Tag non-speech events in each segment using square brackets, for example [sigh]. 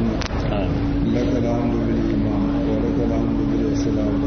اللهم لك الحمد بالإيمان ولك الحمد بالإسلام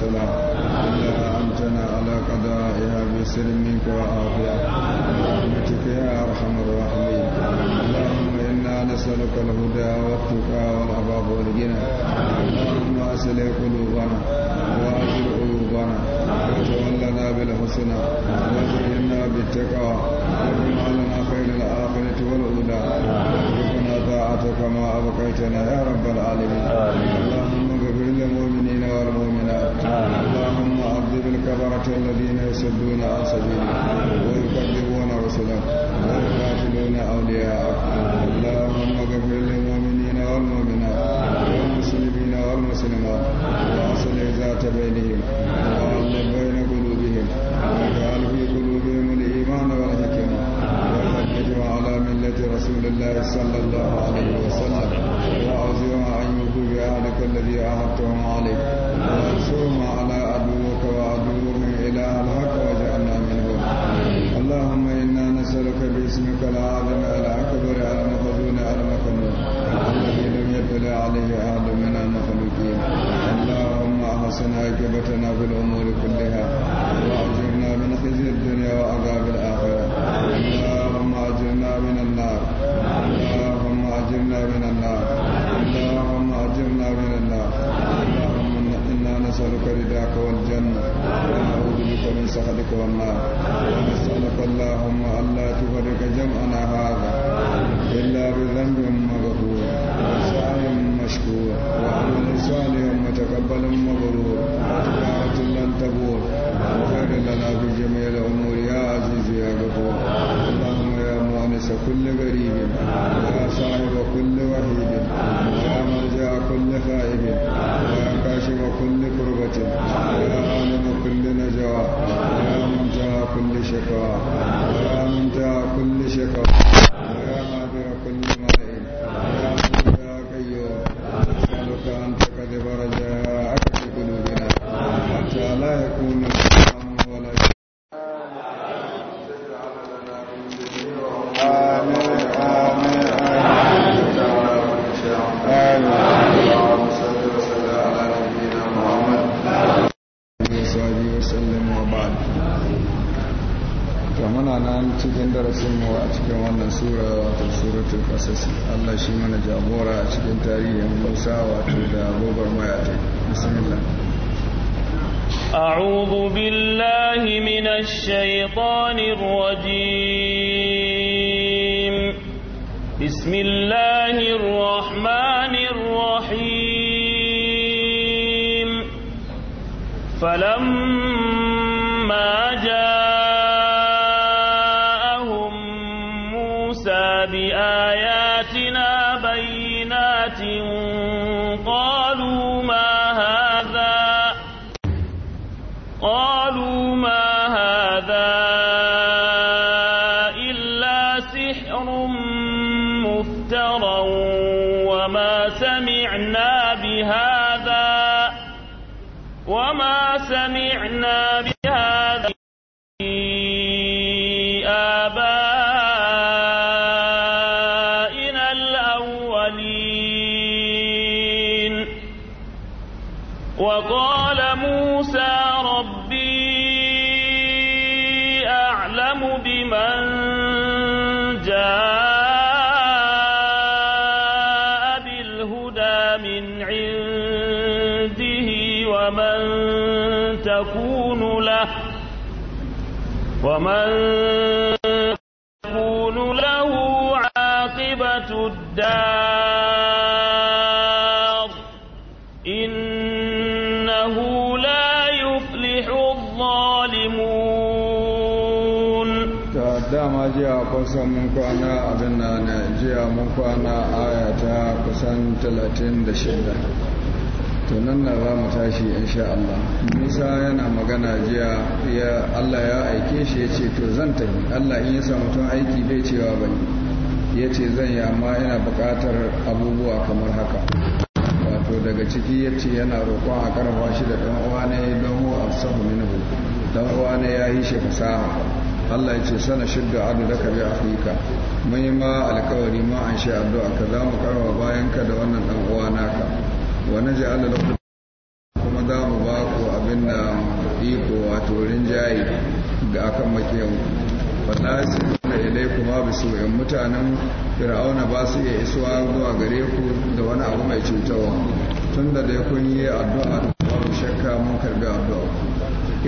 السلام أمتنا على قضائها بسر منك وعافية برحمتك يا أرحم الراحمين اللهم إنا نسألك الهدى والتقى والعباب والغنى اللهم أسل قلوبنا وأجل عيوبنا وتولنا بالحسنى وزينا بالتقوى واجعلنا خير الآخرة والأولى وارزقنا طاعتك ما أبقيتنا يا رب العالمين اللهم اغفر للمؤمنين والمؤمنين اللهم عذب الكفرة الذين يسدون عن سبيلك ويكذبون رسلك ويقاتلون أولياءك اللهم اغفر للمؤمنين والمؤمنات والمسلمين والمسلمات وأصلح ذات بينهم وألف بين قلوبهم واجعل في قلوبهم الإيمان والحكمة وثبتهم على ملة رسول الله صلى الله عليه وسلم وأعزهم أن يوفوا أهلك الذي عهدتهم عليه وانصرنا على عدوك وعدوهم إلى الحق واجعلنا منهم اللهم إنا نسألك باسمك العظيم الأكبر المخزون المكنون الذي لم يطلع عليه أحد من المخلوقين اللهم أحسن عاقبتنا في الأمور كلها نسألك رضاك والجنة ونعوذ بك من سخطك والنار ونسألك اللهم ألا تفرق جمعنا هذا إلا بذنب مغفور وسعي مشكور وعمل صالح متقبل مبرور وطاعة لن تبور وخير لنا في جميع الأمور يا عزيز يا غفور اللهم يا مؤنس كل غريب يا صاحب كل وحيد muna nan cikin darasinmu a cikin wannan sura wato suratul qasas Allah shi mana jagora a cikin tarihin Musa wato da gobar maya ta bismillah أعوذ بالله من الشيطان الرجيم بسم الله الرحمن الرحيم فلما جاء ومن تكون له عاقبة الدار إنه لا يفلح الظالمون dama jiya kusan mun kwana abin na jiya mun kwana aya ta kusan 36 to nan na za mu tashi insha Allah isa yana magana jiya ya allah ya aike shi ya ce to zan tafi allah in ya sa mutum aiki bai cewa ba ya ce zan yi amma yana buƙatar abubuwa kamar haka wato daga ciki ya ce yana roƙon a karfa shi da ɗan uwa ne don a afsahu ɗan uwa ya yi shi fasaha Allah ya ce sana shidda adu da kabi afirka mun yi ma alkawari ma an sha addu'a ka za mu karwa bayan ka da wannan dan uwa naka wa da lakum iko wato rinjaye ga akan makiyan faɗa su ilai kuma bisu yan mutanen fir'auna ba su iya isuwa zuwa gare ku da wani abu mai cutarwa tun da dai kun yi addu'a babu shakka mun karbi addu'a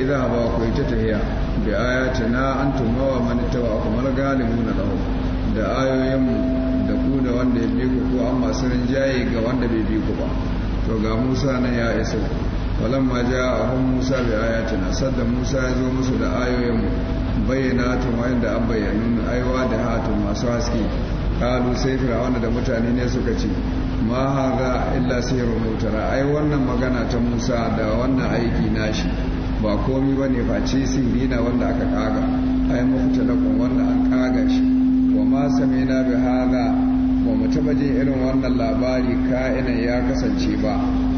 idan ba ku yi ta tahiya bi na antum wa man tawa kuma na dawo da ayoyin da ku da wanda ya bi ku ko an masu rinjaye ga wanda bai bi ku ba to ga musa nan ya isa walamma ja'ahum Musa bi ayatina sadda Musa ya zo musu da ayoyin mu bayyana ta wanda an bayyana aiwa da hatu masu haske kalu sai fir'auna da mutane ne suka ce ma hadha illa sihrun mutara ai wannan magana ta Musa da wannan aiki nashi ba komi bane face sihiri na wanda aka kaga ai muftalakun wanda an kaga shi wa ma sami'na bi hadha wa mutabajin irin wannan labari ka'inan ya kasance ba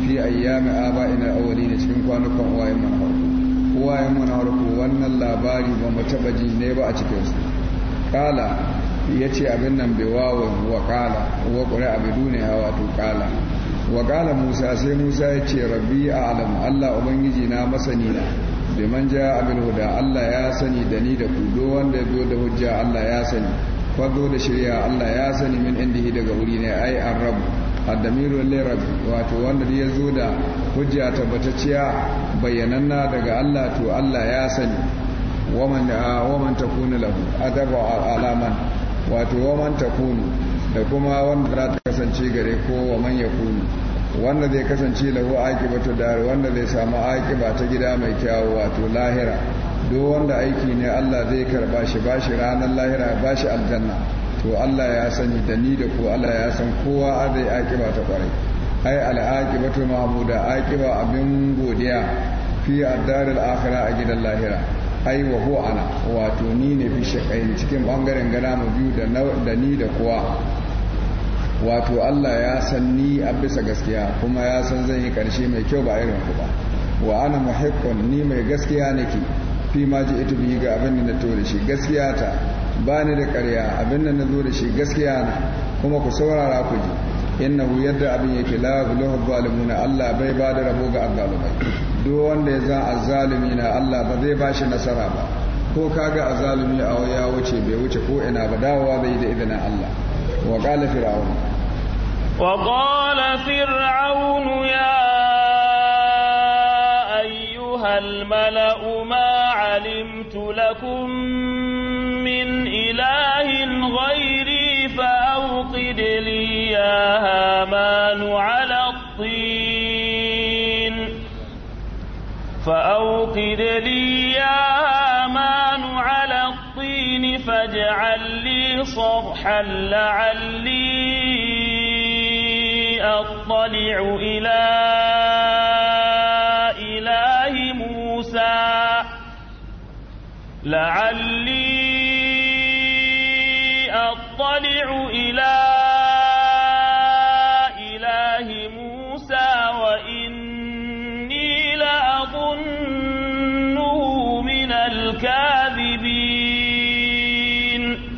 fi ayyami aba'ina da cikin kwanukan uwayen mu na farko uwayen mu na farko wannan labari ba mu taba ji ne ba a cikin su kala yace abin nan bai wawo wa kala wa qura abidune hawa wato kala wa kala Musa sai Musa yace rabbi a'lam Allah ubangiji na masani na man ja abin huda Allah ya sani da ni da ku do wanda ya zo da hujja Allah ya sani fado da shirya Allah ya sani min indihi daga wuri ne ai an addamiru lera wato wanda ya zo da hujja tabbatacciya bayyananna daga Allah to Allah ya sani waman ah, waman kunu lahu adaba alaman wato waman ta kunu da kuma wanda za ta kasance gare ko waman kunu wanda zai kasance lahu aqibatu dar wanda zai samu aqiba ta gida mai kyawu wato lahira duk wanda aiki ne Allah zai karba shi bashi ranar lahira bashi aljanna to Allah ya sani da ni da ku Allah ya san kowa azai aƙiba ta kwarai ai da mahmuda aƙiba abin godiya fi addaril akhirah a gidan lahira ai wa ana wato ni ne fi shaqain cikin bangaren gana mu biyu da da ni da kowa wato Allah ya san ni a bisa gaskiya kuma ya san zan yi karshe mai kyau ba irin ku ba wa ana muhiqqun ni mai gaskiya nake fi ma ji ita biyu ga abin da na tore shi gaskiya ta ba ni da ƙarya abin da na zo da shi gaskiya na kuma ku saurara ku ji hu yadda abin yake la yuflihu zalimuna Allah bai ba da rabo ga azzalumai duk wanda ya za azzalumi na Allah ba zai ba shi nasara ba ko kaga azzalumi a ya wuce bai wuce ko ina ba dawowa zai da idanin Allah wa qala fir'aun wa qala fir'aun ya ayyuhal mala'u ma alimtu lakum إله غيري فأوقد لي يا هامان على الطين فأوقد لي يا هامان على الطين فاجعل لي صرحا لعلي أطلع إلى إله موسى لعلي نرجع إلى إله موسى وإني لأظنه من الكاذبين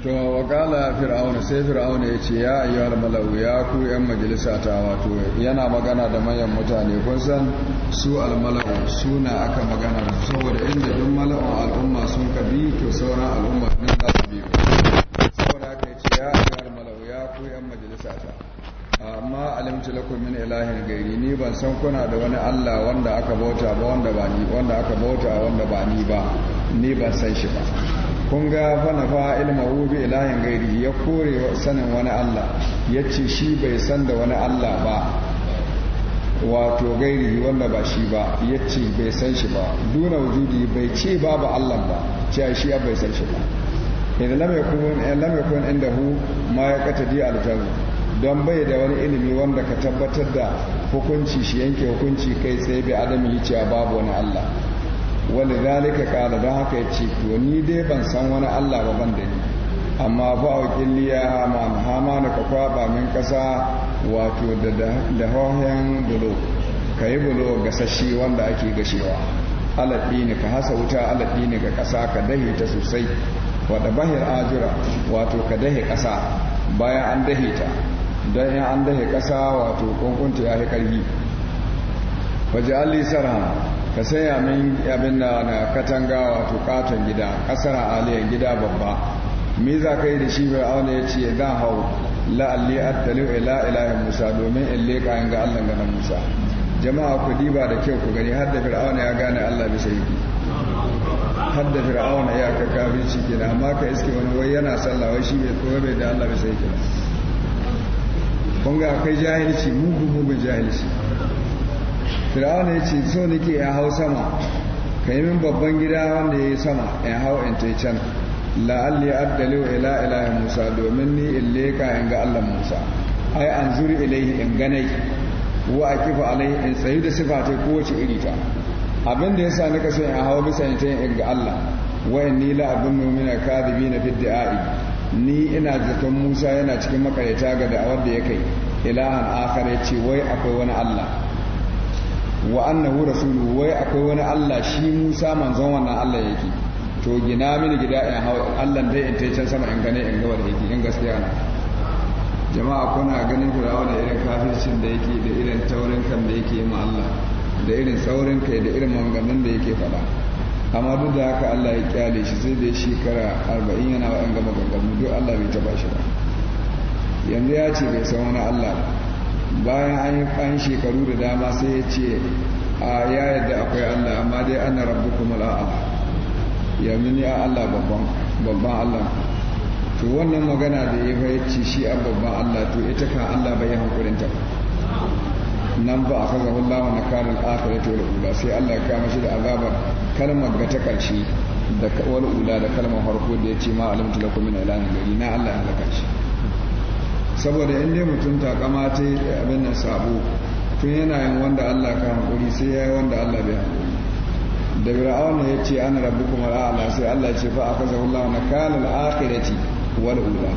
وقال فرعون سي فرعون يتي يا أيها الملأ يا كو يا مجلسة yana magana da manyan mutane kun su almalau suna aka magana saboda inda duk mala'un al'umma sun kabi to sauran al'umma sun za ku yan majalisa ta amma alimtu lakum min ilahin gairi ni ban san kuna da wani Allah wanda aka bauta ba wanda ba ni wanda aka bauta wanda ba ni ba ni ban san shi ba kun ga fana fa ilmahu bi ilahin gairi ya kore sanin wani Allah yace shi bai san da wani Allah ba wato gairi wanda ba shi ba yace bai san shi ba duna wujudi bai ce babu Allah ba cewa shi ya bai san shi ba idan lam yakun eh, lam yakun indahu ma yaqtadi don bai da wani ilimi wanda ka tabbatar da hukunci shi yanke hukunci kai tsaye bi adam yi cewa babu wani Allah wani zalika kala don haka ya ce to ni dai ban san wani Allah ba ban da ni amma ba a kiliya hama hama na ka kwaba min kasa wato da hohen bulo ka yi bulo gasashe wanda ake gashewa alaɗi ne ka hasa wuta alaɗi ne ga ƙasa ka dahe ta sosai wadda bahir ajira wato ka dahe ƙasa bayan an dahe ta don in an dahe ƙasa wato kunkunta ya yi ƙarfi waje alli ka sai min yabin da na katanga wato katon gida ƙasar aliyan gida babba me za ka yi da shi fir'auna ya ce zan hau la'alli attaliu ila ilahin musa domin in leƙa in ga allah ganin musa jama'a ku diba da kyau ku gani har da fir'auna ya gane allah bisa yi har da fir'auna ya ka kafirci kenan amma ka iske wani wai yana sallah wai shi bai tsoro bai da Allah bai sai kenan kun ga akwai jahilci mugu mugu jahilci fir'auna ya ce so nake ya hau sama ka yi min babban gida wanda ya yi sama ya hau in ta can la'alli wa ila ilahi musa domin ni in leka in ga Allah musa ai an zuri ilaihi in ganai wa akifa alaihi in tsayi da sifatai kowace iri ta abin da yasa nika so in hau bisa in ta yin ga Allah wa ni la abunnu min na fi da'i ni ina zaton Musa yana cikin makareta ga da'awar da ya kai ilahan akhar yace wai akwai wani Allah wa annahu rasulu wai akwai wani Allah shi Musa manzon wannan Allah yake to gina mini gida in hau, Allah dai in ta can sama in gane in ga wanda yake in gaskiya na jama'a kuna ganin kula da irin kafircin da yake da irin taurin kan da yake ma Allah da irin saurin kai da irin maganganun da yake faɗa amma duk da haka Allah ya kyale shi sai da shekara arba'in yana wa'an gama ganganu duk Allah bai taba shi ba yanzu ya ce bai san wani Allah bayan an yi an shekaru da dama sai ya ce a ya yadda akwai Allah amma dai ana rabu kuma la'a yanzu ni a Allah babban Allah to wannan magana da ya fahimci shi a babban Allah to ita kan Allah bai yi hankulinta ba nan ba a kaza wallahu na karin akhirati ta ula sai Allah ya kama shi da azabar kalmar ga ta karshe da wani ula da kalmar farko da ya ce ma alimtu lakum min ilahin gari na Allah ya halaka shi saboda in dai mutum ta kama ta abin nan sabo tun yana yin wanda Allah ka hankuri sai ya yi wanda Allah bai hankuri da fir'auna ya ce ana kuma ra'ala sai Allah ya ce fa kaza wallahu na karin akhirati wal ula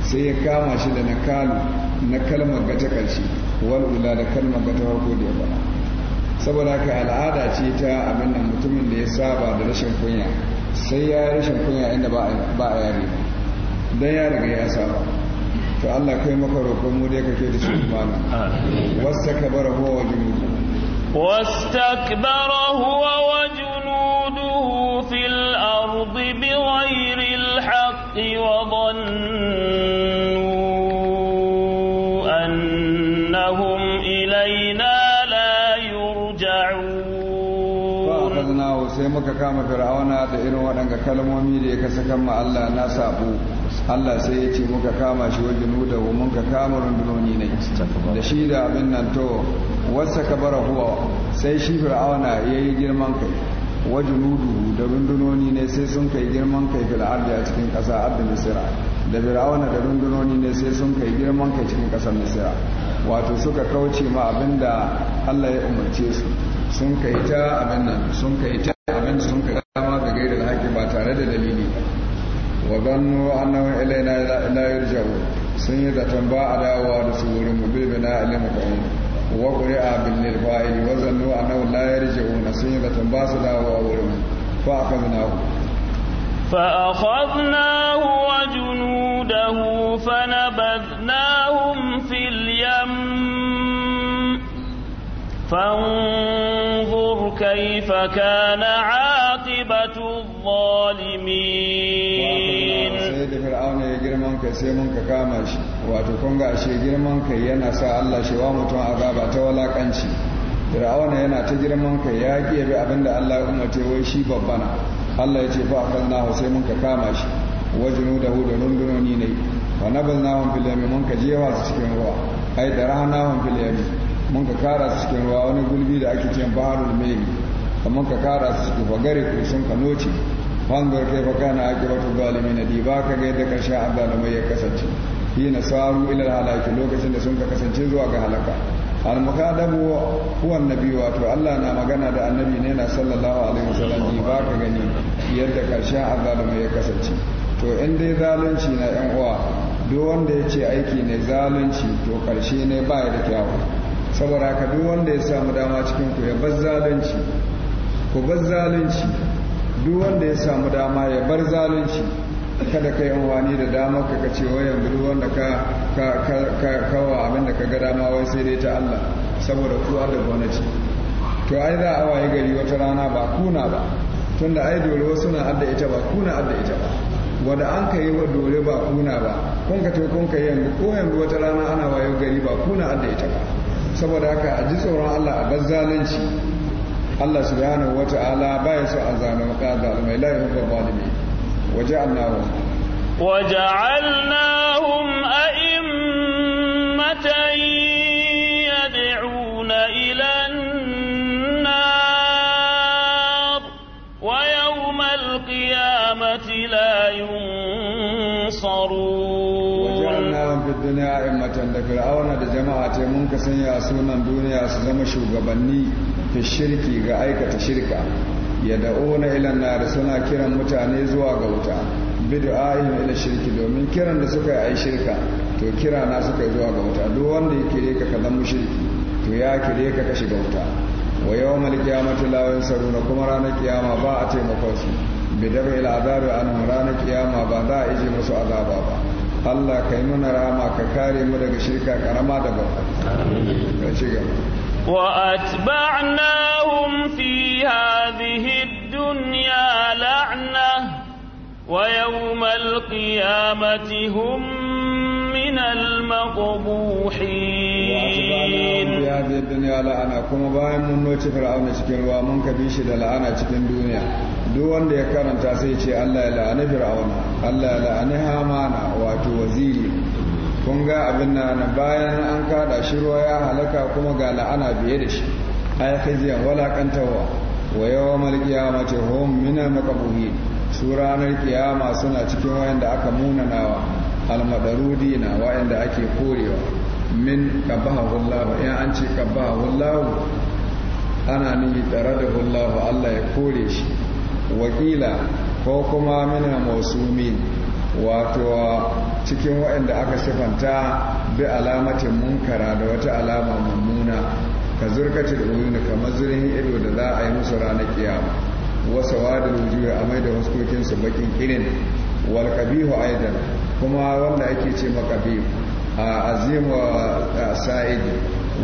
sai ya kama shi da nakalu na kalmar ga ta karshe wal ula da kalma ga ta farko da ya faɗa saboda haka al'ada ce ta abin nan mutumin da ya saba da rashin kunya sai ya yi rashin kunya inda ba a yare don ya riga ya saba to Allah kai maka roƙon mu dai kake da shi mana wasta kabara huwa wajuhu wasta kabara huwa wajuhu irin waɗanga kalmomi da ya kasa kama Allah na sabu Allah sai ya ce muka kama shi wa junuda wa mun ka kama rundunoni ne da shi da abin nan to wasa ka bara huwa sai shi fir'auna ya yi girman kai wajen junudu da rundunoni ne sai sun kai girman kai fil ardi a cikin ƙasa ardi misira da fir'auna da rundunoni ne sai sun kai girman kai cikin ƙasar misira wato suka kauce ma abin da Allah ya umarce su sun kai ta abin nan sun kai ta abin sun kai وظنوا أنه إلينا لا يرجعون سيدة باء داوى رسول مبيبنا لمقعون وقرئ بالنرفائل وظنوا أنه لا يرجعون سيدة باس داوى ورم فأخذناه فأخذناه وجنوده فنبذناهم في اليم فانظر كيف كان عاد sai mun ka kama shi wato kun ga ashe girman kai yana sa Allah shi wa mutum azaba ta walakanci Fir'auna yana ta girman kai ya ki yabi abinda Allah ya umarce wai shi babbana Allah ya ce fa na sai mun ka kama shi wajinu da hu da rundunoni ne wa nabalnahum fil yami mun ka jewa su cikin ruwa ai da rahnahum fil yami mun ka kara su cikin ruwa wani gulbi da ake cewa baharul mai kamar ka kara su cikin bagare ko sun kanoci fanzur kai fa kana wata zalimin na ba ka ga yadda karshen azzalumai ya kasance hina samu ilar halaki lokacin da sun ka kasance zuwa ga halaka al mukadabu huwa annabi wato Allah na magana da annabi ne na sallallahu alaihi wasallam di ba ka gani yadda karshen azzalumai ya kasance to in dai zalunci na yan uwa duk wanda ya ce aiki ne zalunci to karshe ne ba ya da kyawu saboda ka duk wanda ya samu dama cikin ku ya bar zalunci ku bar zalunci duk wanda ya samu dama ya bar zalunci kada ka yi wani da dama ka kace wai yanzu duk wanda ka ka kawo abin da ka ga dama wai sai dai ta Allah saboda ku da gwamnati to ai za a waye gari wata rana ba kuna ba tunda ai dole wasu na adda ita ba kuna adda ita ba wanda an ka yi wa dole ba kuna ba kun ka kun ka yanzu ko yanzu wata rana ana wayo gari ba kuna adda ita ba saboda haka a ji tsoron Allah a bar zalunci Allah subhanahu wa ta'ala baya so a zalunta zalimai la yuhibbu zalimi waja'alnahum waja'alnahum a'immatan yad'una ila an-nar wa yawma al-qiyamati la yunsarun waja'alnahum fid dunya a'immatan da fir'auna da jama'a ce mun ka sanya sunan duniya su zama shugabanni fi shirki ga aikata shirka ya da'una ilan nar suna kiran mutane zuwa ga wuta bid'a'ihim ila shirki domin kiran da suka yi shirka to kira na suka yi zuwa ga wuta duk wanda ya kire ka kazan mushriki to ya kire ka ka shiga wuta wa yawmal qiyamati la na kuma ranar kiyama ba a taimakon su bidar ila azabi an ranar kiyama ba za a ije musu azaba ba Allah kai mana rama ka kare mu daga shirka karama da babba وأتبعناهم في هذه الدنيا لعنة ويوم القيامة هم من المقبوحين في هذه الدنيا لعنة كما بايم من نوتي فرعون شكين ومنك بيشي لعنة شكين دنيا دو وانده يكارن تاسيشي الله لعنة فرعون الله لعنة هامانا واتو وزيري kun ga abin na bayan an kada shi ruwa ya halaka kuma ga la'ana biye da shi ay khiziya wala qantawa wa yawmal qiyamati hum min al maqbuhin su ranar kiyama suna cikin wayanda aka munanawa al madarudina wayanda ake korewa min qabahu wallahu in an ce qabahu wallahu ana nihi tare da Allah Allah ya kore shi wakila ko kuma mina musumin wato cikin waɗanda aka sifanta bi alamatin munkara da wata alama mummuna ka zurkace da wurin kamar zurin ido da za a yi musu ranar kiyama wasa wada rujuwa a mai da su bakin irin wal kabihu aidan kuma wanda ake ce makabi a azimu sa'id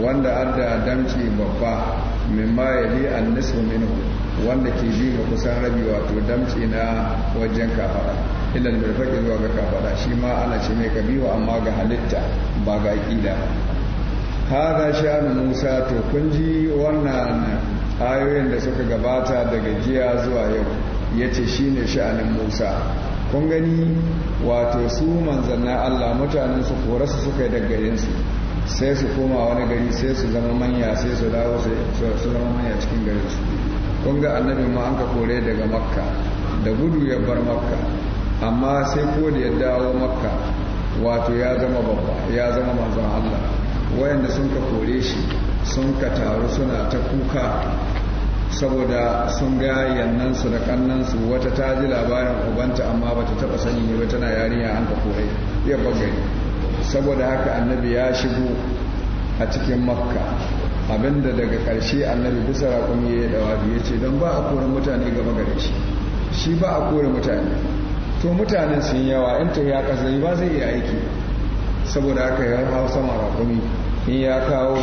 wanda an da damci babba min ma ya bi an nisa minu wanda ke bi ma kusan rabi wato damci na wajen kafa. da mirfaqi zuwa ga kafada shi ma ana ce mai kabiwa amma ga halitta ba ga aqida hada Musa to kun ji wannan ayoyin da suka gabata daga jiya zuwa yau yace shine sha'anin Musa kun gani wato su manzanna Allah mutanen su kore su suka yi daggare su sai su koma wani gari sai su zama manya sai su dawo su zama manya cikin garin su kun ga annabi ma an ka kore daga makka da gudu ya bar makka amma sai ko da ya dawo maka wato ya zama babba ya zama manzon Allah wayanda sun ka kore shi sun ka taru suna ta kuka saboda sun ga yannansu da kannansu wata ta ji labarin ubanta amma bata taba sani ne tana tana yarinya an ka kore ya saboda haka annabi ya shigo a cikin makka abinda daga karshe annabi bisa raƙumi ya yi dawa ya ce don ba a kore mutane gaba gare shi shi ba a kore mutane to mutanen sun yawa in ta ya kasa ba zai iya aiki saboda aka yi hau sama rakumi in ya kawo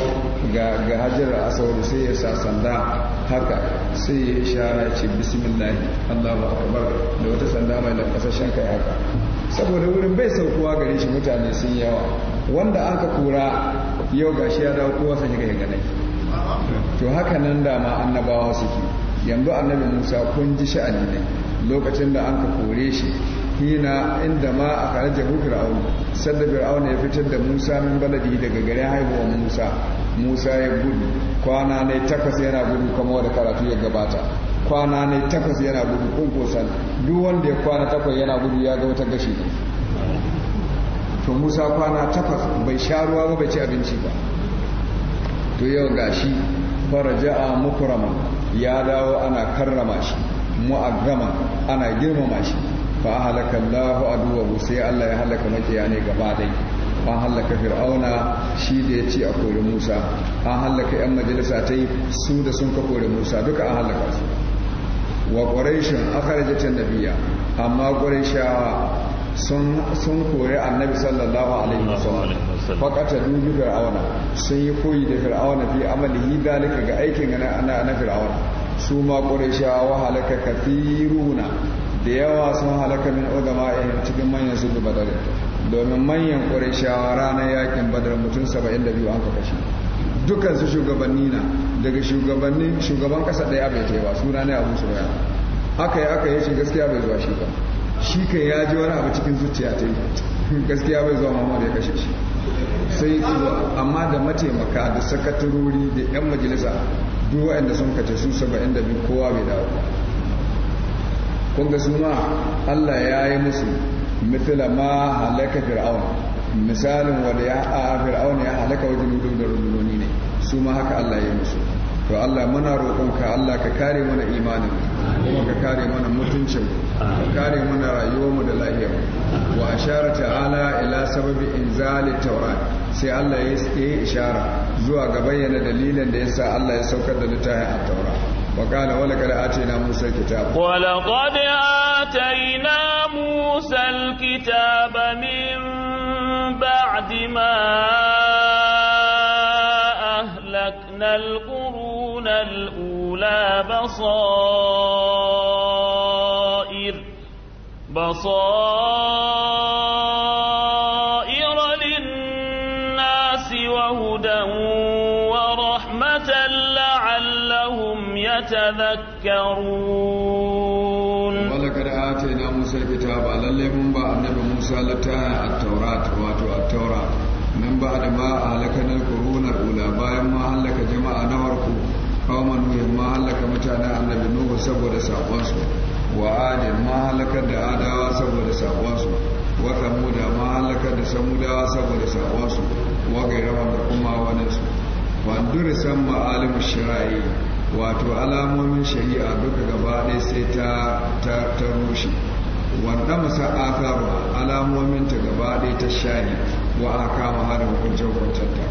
ga hajjar asauri sai ya sa sanda haka sai ya ishara ce bismillah allahu akbar da wata sanda mai lankasashen kai haka saboda wurin bai saukowa gare shi mutane sun yawa wanda aka kura yau ga shi ya dawo kowa sanya ga ganai to haka nan dama annabawa suke yanzu annabi musa kun ji sha'ani ne lokacin da an ka kore shi hina inda ma a kare jahu fir'aun sadda fir'aun ya fitar da musa min baladi daga gare haihuwa musa musa ya gudu kwana ne takwas yana gudu kama wadda karatu ya gabata kwana ne takwas yana gudu kun kosan duk wanda ya kwana takwas yana gudu ya ga wata gashi ne to musa kwana takwas bai sha ruwa ba bai ci abinci ba to yau gashi faraja'a mukrama ya dawo ana karrama shi mu'azzama ana girmama shi fa halaka Allahu aduwahu sai Allah ya halaka makiya ne gaba dai an halaka fir'auna shi da ya ci a kore Musa an halaka yan majalisa ta yi su da sun ka kore Musa duka an halaka su wa quraishun akhrajat an-nabiyya amma quraishawa sun sun kore annabi sallallahu alaihi wasallam faqata dubi fir'auna sun yi koyi da fir'auna fi amalihi dalika ga aikin na na fir'auna su ma ƙurashawa halaka kafiruna da yawa sun halaka min ugama a cikin manyan su badar domin manyan ƙurashawa ranar yakin badar mutum 72 an kashe dukkan su shugabanni na daga shugabanni shugaban ƙasa ɗaya bai ce ba suna ne abu su bayan aka yi aka yi shi gaskiya bai zuwa shi ba shi ka ya ji wani abu cikin zuciya ta yi [laughs] gaskiya bai zuwa da ya kashe shi sai amma da mataimaka da sakatarori da 'yan majalisa duk waɗanda sun kace su saba'in da biyu kowa bai dawo kun ga su ma Allah ya yi musu mithla ma halaka fir'aun misalin wanda ya a fir'aun ya halaka wajen duk da rundunoni ne su ma haka Allah ya yi musu to Allah muna roƙonka Allah ka kare mana imanin kuma ka kare mana mutuncin ka kare mana rayuwarmu da lahiyar wa ashara ta'ala ila sababi inzali taurari. sai Allah ya yi ishara zuwa ga bayyana dalilin da yasa Allah ya saukar da littafin at-taura wa qala wa laqad atayna musa al-kitaba wa laqad atayna musa al-kitaba min ba'di ma ahlakna al-quruna al-ula basair تذكرون ولقد آتينا موسى الكتاب للي من با النبي موسى لتا التوراة واتو التوراة من بعد ما أهلكنا القرون bayan ma jama'a na warko kawman nuhin ma annabi nuhu saboda saƙonsu da adawa saboda saƙonsu wa da samudawa saboda saƙonsu wa da kuma wani su wandur wato alamomin shari'a duka gaba ɗai sai ta rushe wanda musa athara alamomin ta gaba ɗai ta shayi wa aka hada hukuncin hukuncinta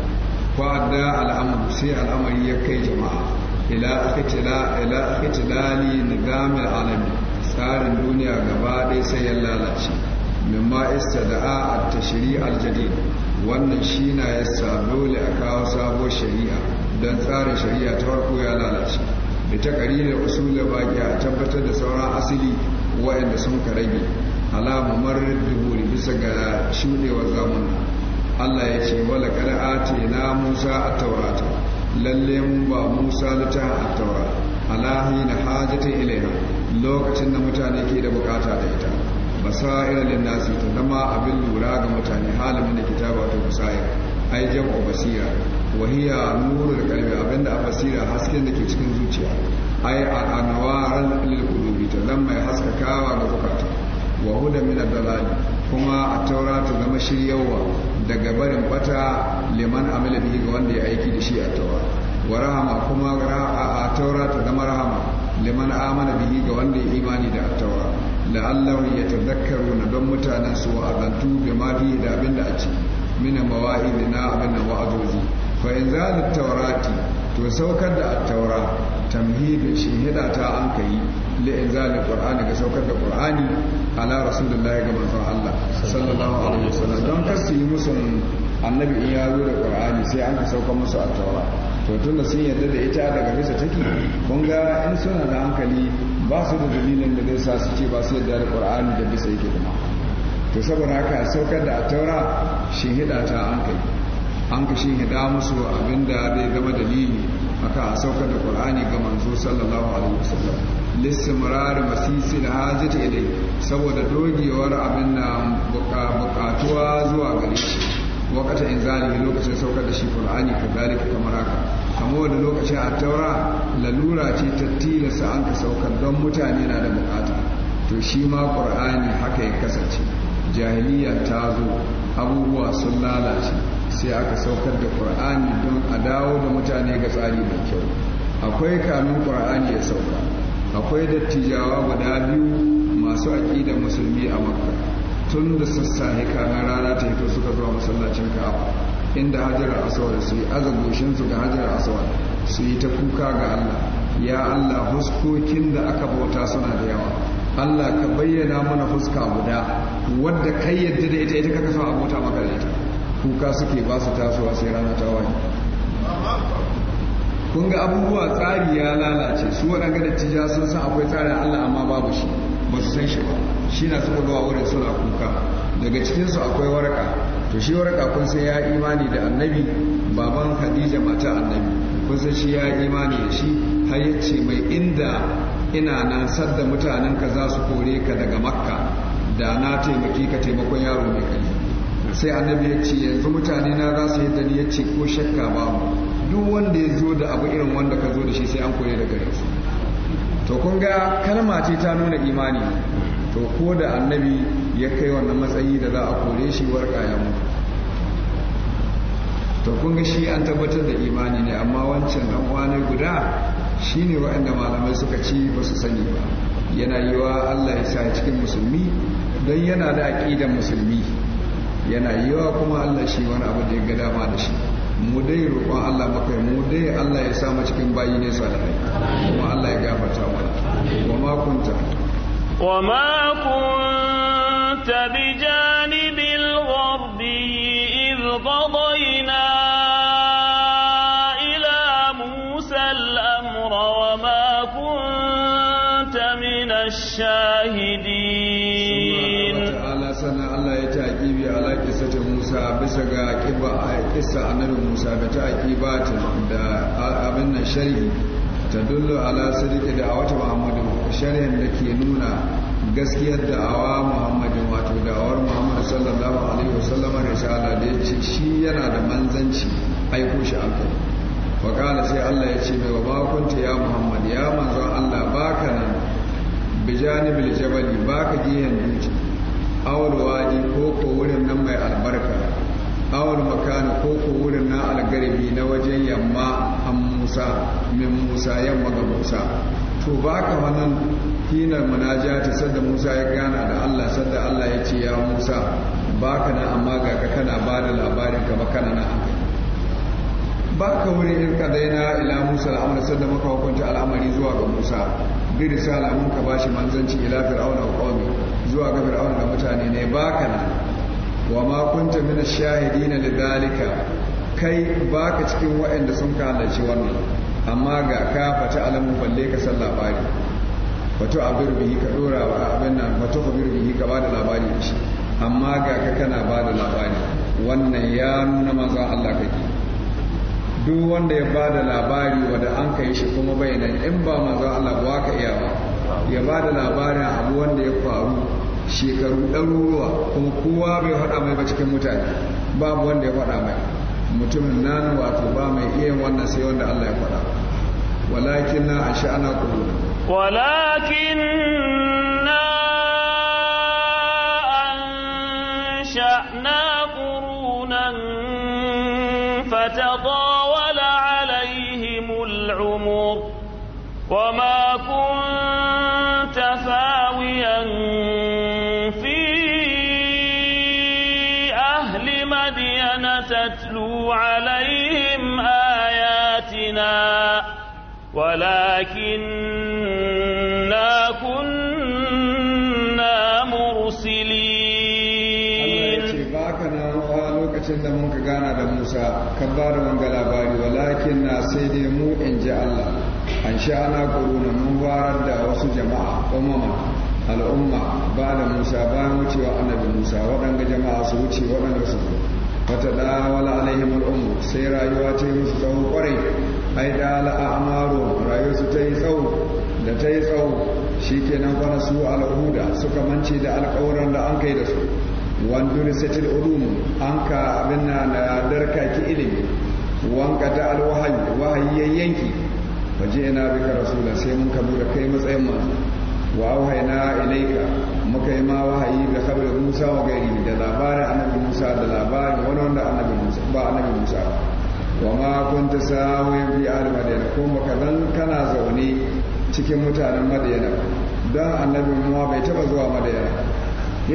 adda al'amur sai al'amari ya kai jama'a ila na nigamin alami tsarin duniya gaba ɗai sai ya lalace mimma istada'a a ta al-jadid wannan shi na yasa dole a kawo sabuwar shari'a don tsarin shari'a ta farko ya lalace da ta da usulul baki a tabbatar da sauran asali waɗanda sun ka rage marar duburi bisa ga shudewar zamani Allah ya ce wala ce na Musa a taurata lalle mun ba Musa ta a taura alahi na hajata ilaiha lokacin da mutane ke da bukata da ita basair lin nasi ta zama abin lura ga mutane halin da kitaba ta basair ai jam'u basira wahiya da qalbi abinda a basira hasken da ke cikin zuciya ay anwaran lil qulubi ta zama mai haskakawa ga zakata wa huda min ad kuma a taura ta zama shiryawa daga barin bata liman amila bihi ga wanda ya aiki da shi a taura wa rahama kuma a taura ta zama rahama liman amana bihi ga wanda ya imani da taura la'allahu na don mutanen su wa'azantu bima fihi da abinda a ciki min mawa'id na abin wa'azozi fa inzalu taurati to saukar da at-taura tamhidu shi hida ta an kai li inzali qur'ani ga saukar da qur'ani ala rasulullahi ga manzon Allah sallallahu alaihi wasallam don kasu yi musu annabi in ya da qur'ani sai an ka sauka musu a taura to tunda sun yarda da ita daga bisa take kun ga in suna da hankali ba su da dalilin da zai sa su ce ba su yarda da qur'ani da bisa yake kuma to saboda haka saukar da a taura shi hida ta hankali. an ka hida musu abinda zai zama dalili aka saukar da ƙulani ga manzo sallallahu alaihi wasallam listimrar masisi da hajjata ilai saboda dogewar abin da bukatuwa zuwa gare shi wakata in zalimi lokacin saukar da shi qur'ani kadalika kamar haka kamo wanda lokacin a taura lalura ce ta tilasta an ka saukar don mutane na da bukata to shi ma ƙulani haka ya kasance jahiliya ta zo abubuwa sun lalace sai aka saukar da ƙur'ani don a dawo da mutane ga tsari mai kyau akwai kanun ƙur'ani ya sauka akwai dattijawa guda biyu masu aƙida musulmi a makka tun da sassahe kana rana ta hito suka zuwa masallacin kafa inda hajjar aswad su yi azagoshin su ga hajjar aswad su yi ta kuka ga allah ya allah huskokin da aka bauta suna da yawa allah ka bayyana mana fuska guda wadda kai yadda da ita ita kaka so a bauta maka da ita kuka suke ba su tasowa sai rana ta waye kun ga abubuwa tsari ya lalace su waɗanda da tija sun san akwai tsarin Allah amma babu shi ba su san shi ba shi na suka zuwa wurin suna kuka daga cikinsu akwai waraka to shi waraka kun sai ya imani da annabi baban khadija mata annabi kun sai shi ya imani da shi har ya ce mai inda ina nan sadda mutanen ka za su kore ka daga makka da na taimaki ka taimakon yaro mai kai. sai annabi ya ce yanzu mutane na za su yadda ni ya ce ko shakka babu duk wanda ya zo da abu irin wanda ka zo da shi sai an koya daga gare su to kun ga kalma ce ta nuna imani to ko da annabi ya kai wannan matsayi da za a kore shi warka ya mutu to kun ga shi an tabbatar da imani ne amma wancan dan wani guda shine waɗanda malamai suka ci ba su sani ba yana yiwa Allah ya sa cikin musulmi don yana da aƙidan musulmi yana yiwa kuma Allah shi wani abu da ya ga dama da shi mu dai roƙon Allah makai mu dai Allah ya samu cikin bayi ne salihai kuma Allah ya gafarta mana wa ma kunta wa ma kunta bi janibil gharbi idh qadayta kissa annabi musa da ta akibatin da abin nan shari'i ta dullo ala sirri da a wata muhammadu shari'an da ke nuna gaskiyar da awa Muhammadu wato awar muhammadu sallallahu alaihi wasallama risala da ya ce shi yana da manzanci aiko shi an kai kana sai allah ya ce mai wa kunta ya muhammad ya manzo allah baka nan bijanibul jabali baka giyan duci awal wadi ko ko wurin nan mai albarka awal makan ko ko wurin na algarbi na wajen yamma an musa min musa yamma ga musa to baka wannan kina manaja ta sadda musa ya gana da allah sanda allah ya ce ya musa baka na amma ga ka kana ba da labarin ka ba kana na baka ka wurin in daina ila musa al'amur sanda maka hukunta al'amari zuwa ga musa bi risala mun ka bashi manzanci ila fir'auna wa qaumi zuwa ga fir'auna da mutane ne baka na wa ma kunta min ash-shahidina lidalika kai baka cikin waɗanda sun halarci wannan amma ga ka fata alamun balle ka san labari wato abir bihi ka dora wa abin nan wato abir bihi ka bada labari shi amma ga ka kana bada labari wannan ya nuna manzon Allah kake duk wanda ya bada labari wanda an kai shi kuma bai in ba manzon Allah ba ka iya ba ya bada labarin abu wanda ya faru shekaru ɗaruruwa kuma kowa bai faɗa mai ba cikin mutane babu wanda ya faɗa mai mutumin nan wato ba mai iya wannan sai wanda Allah ya faɗa walakin na ashe ana ƙuru walakin na an na ƙurunan fataɓa sai dai mu in ji Allah an sha ana na mun warar da wasu jama'a umama al'umma ba da musa bayan wucewa annabi musa waɗanga jama'a su wuce waɗanda su wata dawala alaihim al'ummu sai rayuwa ta yi musu tsawo kwarai ai da a rayuwar su ta yi tsawo da ta yi tsawo shi kenan kwana su al'uda suka mance da alƙawuran da an kai da su wanduri setil ulum an ka abin na darka ki ilimi wanka da alwahayi wahayi ya yanki waje ina ka rasula sai mun kabu da kai matsayin manzo wa auhayna ilaika muka yi ma wahayi da kabar Musa wa gari da labarin annabi Musa da labarin wani wanda annabi Musa ba annabi Musa wa ma kunta sawiyan fi ahli madyan ko maka dan kana zaune cikin mutanen madyan dan annabi Musa bai taba zuwa Ya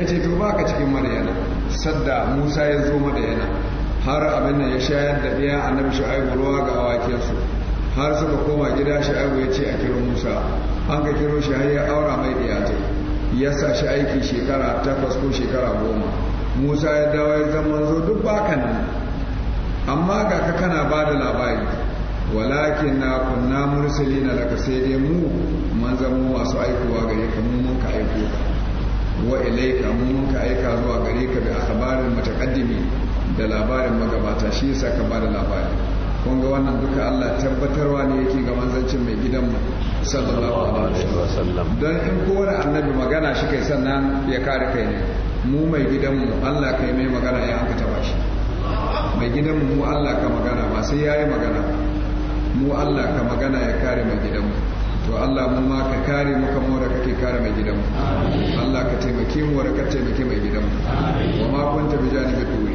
yace to baka cikin madyan sadda Musa ya zo madyan har abin nan ya shayar da ɗaya annabi shu'aibu ruwa ga awakinsu har suka koma gida shu'aibu ya ce a kiro musa an ka kiro shi har ya aura mai ɗaya ta ya sa shi aiki shekara takwas ko shekara goma musa ya dawo ya zama zo duk bakan nan amma ga ka kana ba da labari walakin na kunna mursali na daga sai dai mu man zama masu aikowa gare ka mu mun ka aiko ka wa ilaika mun ka aika zuwa gare ka bi akhbarin mutaqaddimi da labarin magabata shi yasa ka bada labari kun ga wannan duka Allah tabbatarwa ne yake ga manzancin mai gidanmu sallallahu alaihi wasallam dan in kowane annabi magana shi kai sannan ya kare kai ne mu mai gidanmu Allah kai mai magana ya aka taba shi mai gidanmu mu Allah ka magana ba sai yayi magana mu Allah ka magana ya kare mai gidanmu to Allah mun ma ka kare mu kamar da kake kare mai gidanmu Allah ka taimake mu wa ka taimake mai gidanmu wa ma kunta bijanibi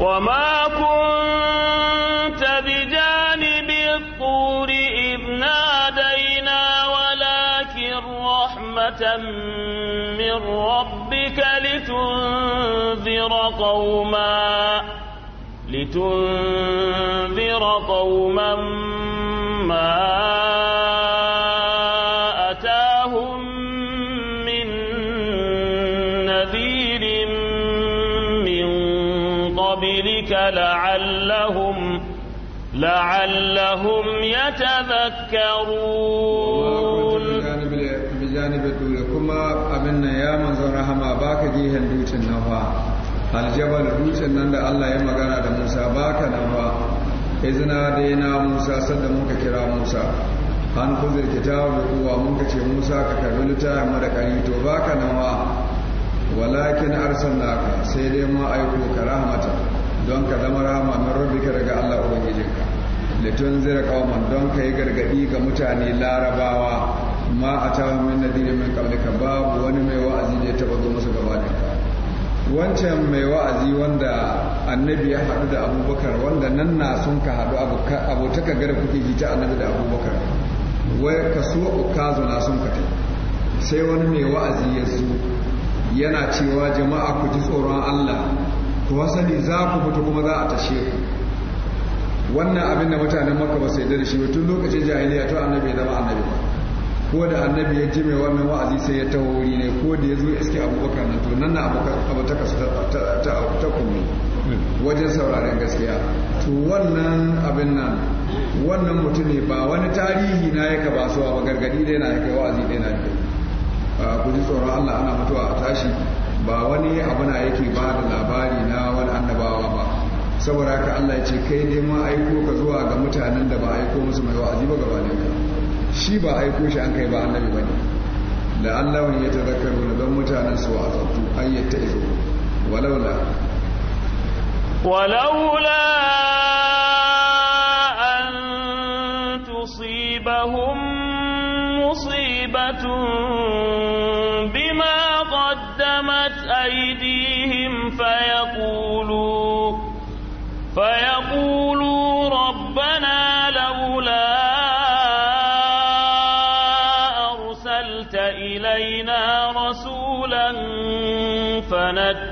وما كنت بجانب الطور إذ نادينا ولكن رحمة من ربك لتنذر قوما لتنذر لعلهم يتذكرون بجانب الدولة كما أبنى يا من زرهما باك جيها دوتن نوا الجبل دوتن نند الله يما غانا دا موسى باك نوا إذنا دينا موسى كرا موسى an kuzir kitabu da kuwa mun ka ce musa ka karbi littafin da kari to baka wa walakin arsalnaka sai dai ma aiko ka rahmata don ka zama rahama na rabbika daga Allah ubangijin litun zira kawaman don ka yi gargaɗi ga mutane larabawa ma a tawa min nadiri min ka babu wani mai wa'azi ne ya taɓa zo musu gabanin ka wancan mai wa'azi wanda annabi ya haɗu da abubakar wanda nan na sun ka haɗu abotaka gara kuke ta annabi da abubakar wai ka so zo na sun ka sai wani mai wa'azi ya zo yana cewa jama'a ku ji tsoron allah ku wasani za ku fito kuma za a tashe ku wannan abin da mutanen maka ba su da shi ba tun lokacin jahiliya to annabi ya zama annabi ba ko da annabi ya ji mai wannan wa'azi sai ya taho wuri ne ko da ya zo iske abubakar nan to nan na abu ta kasu ta kunne wajen sauraren gaskiya to wannan abin nan wannan mutum ne ba wani tarihi na ya ba su ba gargadi dai na wa'azi dai na a ku ji tsoron Allah ana mutuwa a tashi ba wani abu na yake ba da labari na wani annabawa ba saboda haka Allah ya ce kai ne ma aiko ka zuwa ga mutanen da ba aiko musu mai wa'azi ba gaba ka shi ba aiko shi an kai ba annabi bane da Allah ya tazakkaru don mutanen su wa'azatu ayyata izo walaula walaula an tusibahu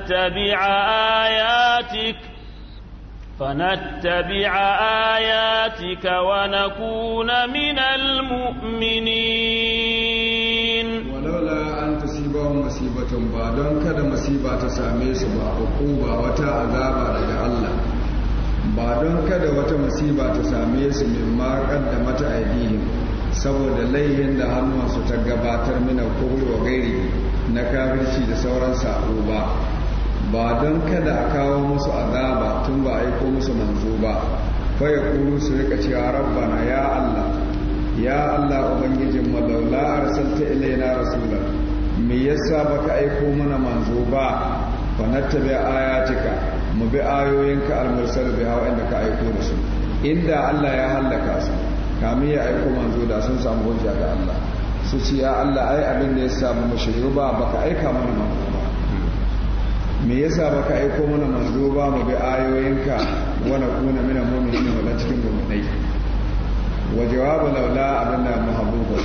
فنتبع آياتك فنتبع آياتك ونكون من المؤمنين ولولا أن تصيبهم مصيبة بعدهم كذا مصيبة تسامي سبا عقوبة وتا عذاب الله ba don kada wata musiba ta same su min makar da mata aidihim saboda laifin da hannunsu ta gabatar mina kubur wa gairi na kafirci da sauran saƙo ba ba don kada a kawo musu azaba tun ba aiko musu manzo ba fa ya kuru su rika cewa rabbana ya Allah ya Allah ubangijin malaula arsalta ilaina rasula me yasa baka aiko mana manzo ba fa nattabi ayatika mu bi ayoyinka almursal bi hawa inda ka aiko da su inda Allah ya hallaka su kamin ya aiko manzo da sun samu hujja ga Allah su ce ya Allah ai abin da yasa mu shiru ba baka aika mana manzo me yasa baka aiko mana manzo ba mu bi ayoyinka wa nakuna min al-mu'minin wa cikin mu'minai wa jawabu laula abinda mahabubu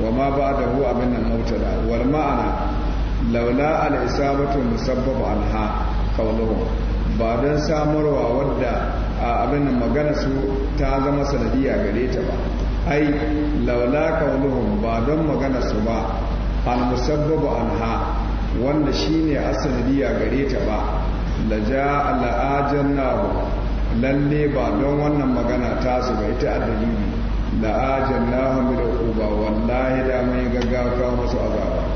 wa ma ba'dahu abinda mautada wal ma'ana laula al-isabatu musabbab anha qawluhu ba dan samarwa wadda abinna magana su ta zama sanadiya gare ta ba ai laula qawluhum ba don magana su ba al musabbabu anha wanda shine asanadiya gare ta ba da ja la'ajan nahu lalle ba don wannan magana ta su ba ita addalili la'ajan nahu da uba wallahi da mai gaggawa masu azaba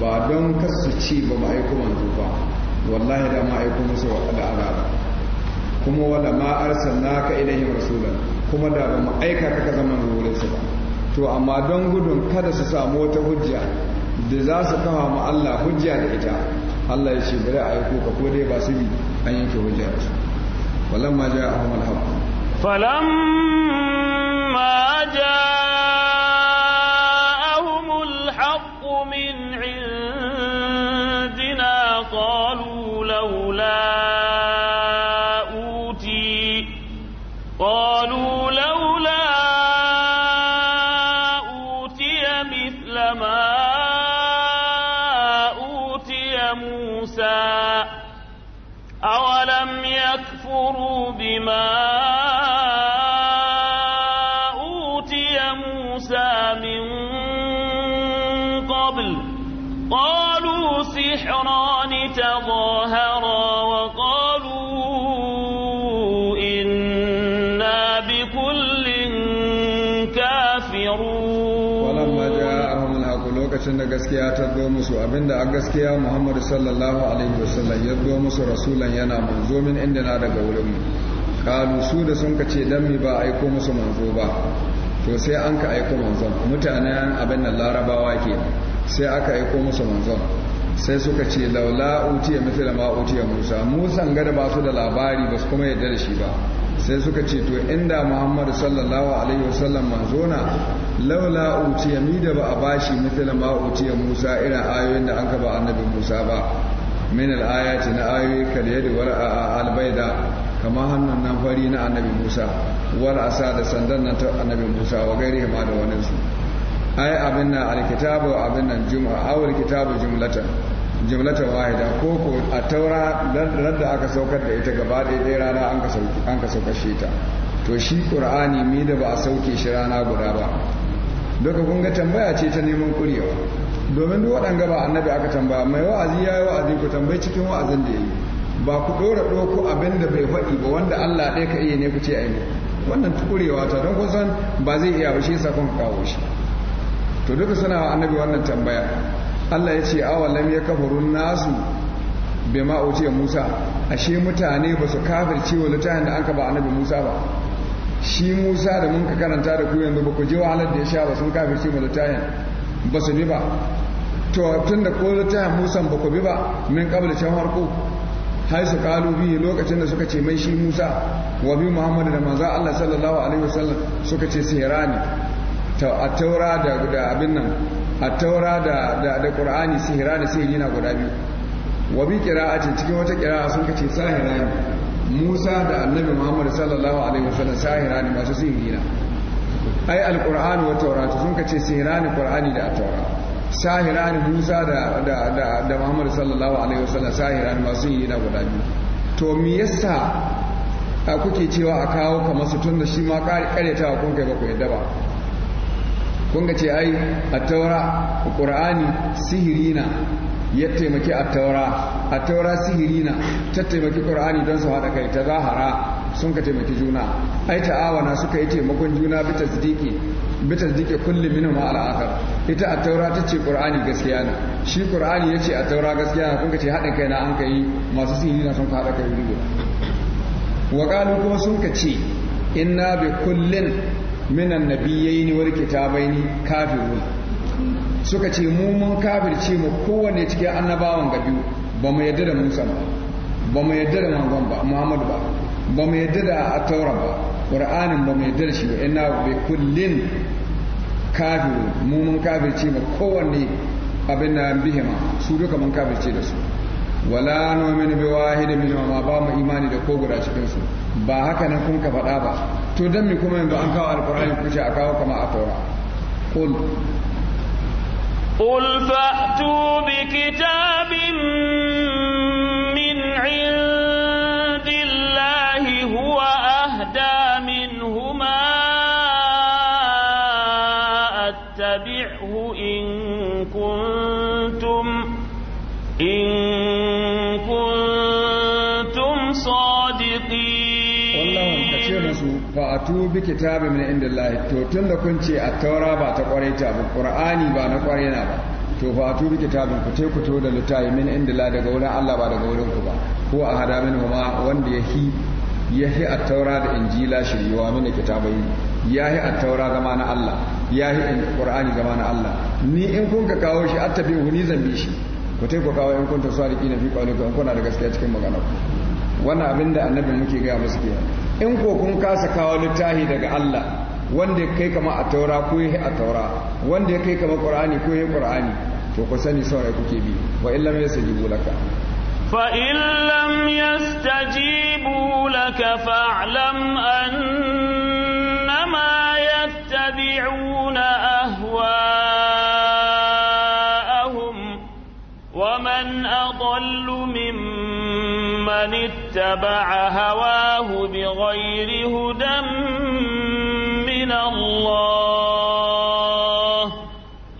ba don kasu ci ba ma'aiku manzo ba wallahi da ma'aiku musu da ba kuma wala ma yi ilayhim rasulan kuma da ba mu aika ka ka zama wurin su ba to amma don gudun kada su samu wata hujja da za su kama ma Allah hujja da ita Allah ya ce bari a aiko ka ko dai ba su bi an yanke hujja da su walamma ja'ahum al-haqq falamma ja'a a gaskiya muhammadu sallallahu alaihi wasallam ya zo musu rasulan yana manzo min inda na daga wurin mu kalu su da sun kace dan mi ba aiko musu manzo ba to sai an ka aiko manzo mutanen abin nan larabawa ke sai aka aiko musu manzo sai suka ce laula utiya mithla ma utiya musa musan gada ba su da labari ba su kuma yadda da shi ba sai suka ce to inda muhammadu sallallahu alaihi wasallam manzo na laula utiya mi da ba a bashi mithla ma utiya Musa ina ayoyin da anka ba annabi Musa ba min al-ayati na ayoyi kal yadi war al-bayda kama hannun nan fari na annabi Musa war asa da sandan nan ta annabi Musa wa gairi ma da wani su ai abin nan al-kitabu abin nan jum'a awal kitabu jumlatan jumlatan wahida ko ko a taura radda aka saukar da ita gaba ɗaya rana an ka sauke an ka sauka shi ta to shi qur'ani mi da ba a sauke shi rana guda ba doka kun tambaya ce ta neman kurewa domin duk waɗanga ba annabi aka tambaya mai wa'azi ya yi wa'azi ku tambayi cikin wa'azin da ya yi ba ku ɗora ɗoko abin da bai faɗi ba wanda Allah ɗaya ka iya ne ku ce aini wannan tukurewa ta don kusan ba zai iya ba sakon kawo shi to duka suna wa annabi wannan tambaya Allah ya ce awa lam ya kafarun nasu bai ma'auce Musa ashe mutane ba su kafirce wa littafin da an ka ba annabi Musa ba shi Musa da mun ka karanta da ku yanzu ba ku je wahalar da ya sha ba sun kafin mu littafin ba su bi ba to tun da ko littafin Musa ba ku bi ba min kabla can harko hai su kalu bi lokacin da suka ce mai shi Musa wa bi Muhammad da manzo Allah sallallahu alaihi wasallam suka ce sihirani ta A da da abin nan taura da da da Qur'ani ne sihiri na guda biyu wa bi qira'atin cikin wata qira'a sun kace ne Musa da annabi Muhammad sallallahu alaihi wasallam sahira ne masu sihiri na ai alqur'ani wa taurata sun kace sihira ne qur'ani da taura sahira ne Musa da da da, da Muhammad sallallahu alaihi wasallam sahira ne masu sihiri na guda biyu to me yasa a kuke cewa a kawo kamar su tunda shi ma ta kun kai ba ku yadda ba kun ga ce ai a taura qur'ani sihiri na ya taimaki a taura a taura sihiri na ta taimaki qur'ani don su haɗa kai ta zahara sun ka taimaki juna ai ta'awana suka yi taimakon juna bi tasdiki bi tasdiki kulli minhum ala akhar ita taura ta ce qur'ani gaskiya na shi ce a taura gaskiya na kun ka ce haɗa kai na an kai masu sihiri na sun ka haɗa kai wuri guda wa kuma sun ka ce inna bi kullin minan nabiyyin wal kitabaini kafirun suka ce mu mun kafirce mu kowanne cikin annabawan ga biyu ba mu yadda da Musa ba ba mu yadda da manzon ba Muhammadu ba ba mu yadda da At-Taurat ba Qur'anin ba mu yadda da shi ba inna bi kullin kafir mu mun kafirce mu kowanne abin da bihima su duka mun kafirce da su wala nu'minu bi wahidin minhum ma ba mu imani da ko guda cikin su ba haka nan kun ka faɗa ba to dan me kuma yanzu an kawo alqur'ani kuce a kawo kama a taura qul قل فأتوا بكتاب من عند fatu bi kitabi min indillahi to tun da kun ce at-taura ba ta ta ba qur'ani ba na yana ba to fatu bi kitabin ku te ku to da litai min indillahi daga wurin Allah ba daga wurin ku ba ko a hada min huma wanda yahi yahi at-taura da injila shiriwa min kitabai yahi at-taura zama na Allah yahi qur'ani zama na Allah ni in kun ka kawo shi attabi hu ni zambi shi ku te ku kawo in kun ta sadiki na fi kwani ku kuna da gaskiya cikin magana ku wannan abinda annabi muke ga musu kenan in ko kun kasa kawo littahi daga Allah wanda kai kama a taura ko yi a taura wanda kai kama qur'ani ko yi qur'ani to ku sani saurayi kuke bi wa illam yasajibu laka فإن لم يستجيبوا لك فاعلم أنما يتبعون أهواءهم ومن أضل ممن اتبع اتبع هواه بغير هدى من الله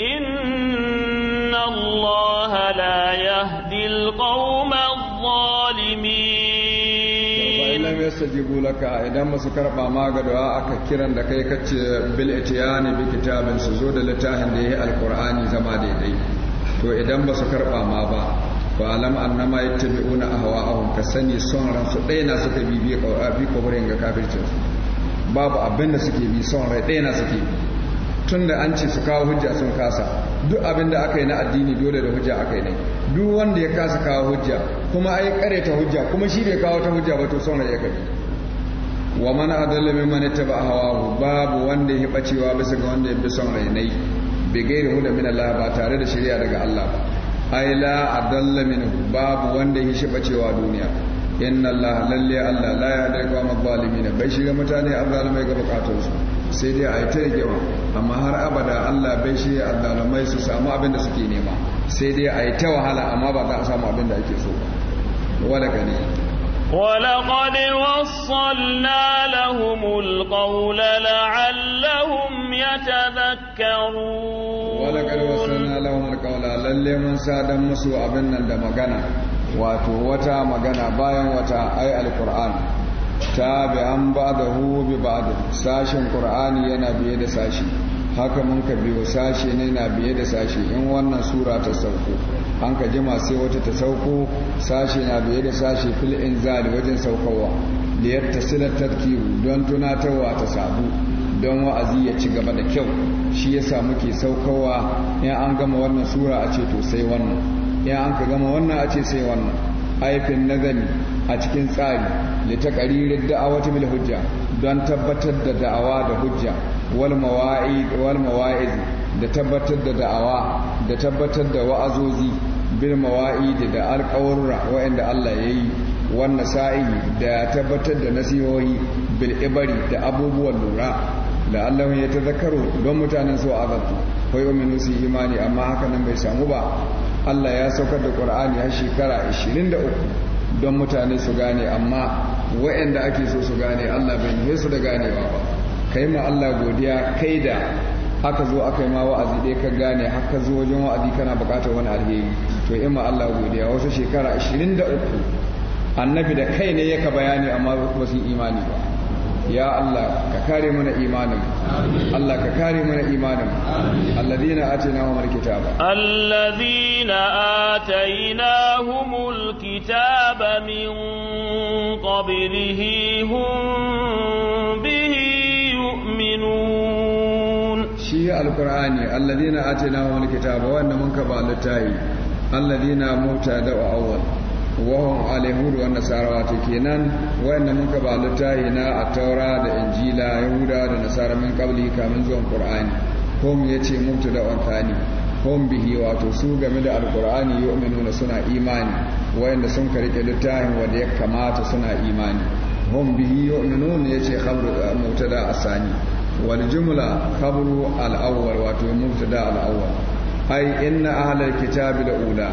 إن الله لا يهدي القوم الظالمين لم يستجيبوا لك إذا ما سكر ما قدوا أك كيران دكاي كتش بالإتيان بكتاب سجود لتاهن القرآن زما دي to idan ba su karɓa ma ba fa alam annama yattabi'una ahwa'ahum ka sani son ran su dai na suka bibi bi kabarin ga kafircin babu abin da suke bi son rai dai na suke tun da an ce su kawo hujja sun kasa duk abin da aka yi na addini dole da hujja aka yi ne duk wanda ya kasa kawo hujja kuma ai kare ta hujja kuma shi bai kawo ta hujja ba to son rai ya kabi wa man adalla mimman ittaba ahwa'ahu babu wanda ya bacewa bisa ga wanda ya bi son nai bi gairi huda min Allah ba tare da shari'a daga Allah ba ai a adalla babu wanda ya shi bacewa duniya inna Allah lalle Allah la ya dai kwa mazalimin bai shiga mutane azzalimai ga bukatun su sai dai ai ta rigima amma har abada Allah bai shi azzalimai su samu abin da suke nema sai dai ai ta wahala amma ba za a samu abin da ake so ba wala gani ولقد وصلنا لهم القول لعلهم يتذكرون ولقد lalle mun sadan musu abin nan da magana wato wata magana bayan wata ai alkur'an ta bi an ba da hu bi ba da sashen ƙur'ani yana biye da sashi haka mun ka biyo sashe ne na biye da sashe in wannan sura ta sauko an ka jima sai wata ta sauko sashe na biye da sashe fil inzali wajen saukowa da tarkibu don tunatarwa ta sabu don wa'azi ya ci gaba da kyau shi ya yasa muke saukowa in an gama wannan sura a ce to sai wannan in an ka gama wannan a ce sai wannan aifin nazari a cikin tsari da ta ƙaririn da'awa ta mil hujja don tabbatar da da'awa da hujja wal da tabbatar da da'awa da tabbatar da wa'azozi bil mawa'id da alƙawarra wa'anda Allah ya yi wannan sa'i da tabbatar da nasihohi bil ibari da abubuwan lura da yatadhakkaru don mutanen su a azabtu kai yu'minu su imani amma haka nan bai samu ba Allah ya saukar da ƙwar'ani har shekara 23 don mutane su gane amma waɗanda ake so su gane Allah bai nufe su da gane. ba kai ma Allah godiya kai da aka zo aka yi ma wa'azi daya ka gane haka zo wajen wa'azi kana buƙatar wani alheri to ima ma Allah godiya wasu shekara 23 annabi da kai ne yaka bayani amma ba su imani ba يا الله ككارمنا إيمانهم الله ككارمنا إيمانهم الذين آتيناهم الكتاب الذين آتيناهم الكتاب من قبله هم به يؤمنون شيء القرآن الذين آتيناهم الكتاب وأن من كبال التائي الذين موتى دواء أول wahon alihudu wa nasara wato kenan wayannan muka ba littafi na a taura da injila yahuda da nasara min kabli kamin zuwan qur'ani hum yace da wa thani hum bihi wato su game da alqur'ani yu'minuna suna imani wayanda sun karike littafin wanda ya kamata suna imani hum bihi yu'minuna yace khabru eh, mubtada asani wal jumla khabru al awwal wato mubtada al awwal ai inna ahlal kitabi ula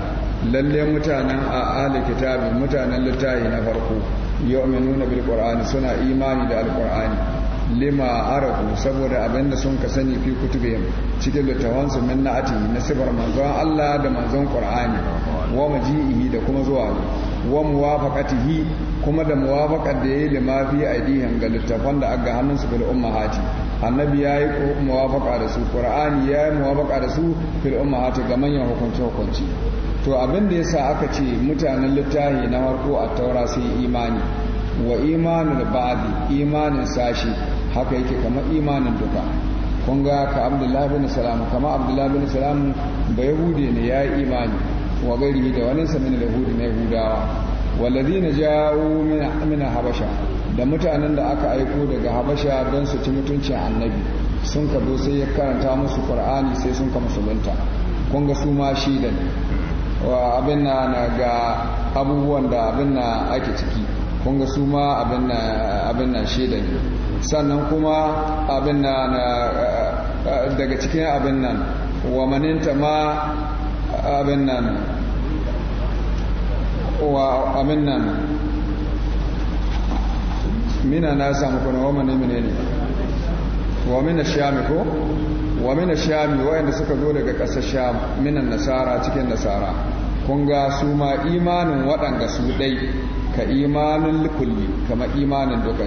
lalle mutanen a ahli kitabi mutanen littafi na farko na bil qur'ani suna imani da qur'ani lima arabu saboda abinda sun ka sani fi kutubihim cikin su min na'ati na sifar manzon Allah da manzon qur'ani wa maji'ihi da kuma zuwa wa muwafaqatihi kuma da muwafaqar da yayi lima fi aidihim ga littafan da aga hannunsu bil ummahati annabi yayi muwafaqa da su qur'ani yayi muwafaqa da su fil ummahati ga manyan hukunci hukunci to abin da yasa aka ce mutanen littafi na farko a taura sai imani wa imanin ba'adi imanin sashi haka yake kamar imanin duka kun ga ka abdullahi bin salamu kamar abdullahi bin salamu ba yahudi ne ya yi imani wa gari da wani sa da yahudi na yahudawa walladhina ja'u min min habasha da mutanen da aka aiko daga habasha don su ci mutuncin annabi sun ka sai ya karanta musu qur'ani sai sun ka musulunta kun ga su ma shi da ne wa abin na ga abubuwan da abin na ake ciki kun ga su ma abin na shaida ne sannan kuma abin na daga cikin abin nan wa maninta ma abin nan wa abin nan mina na samu kuna wa mani mine ne wa mina shami ko wa mina shami wayanda suka zo daga ƙasar sham minan nasara cikin nasara kun ga su ma imanin waɗanda su ɗai ka imanin kulli kama imanin duka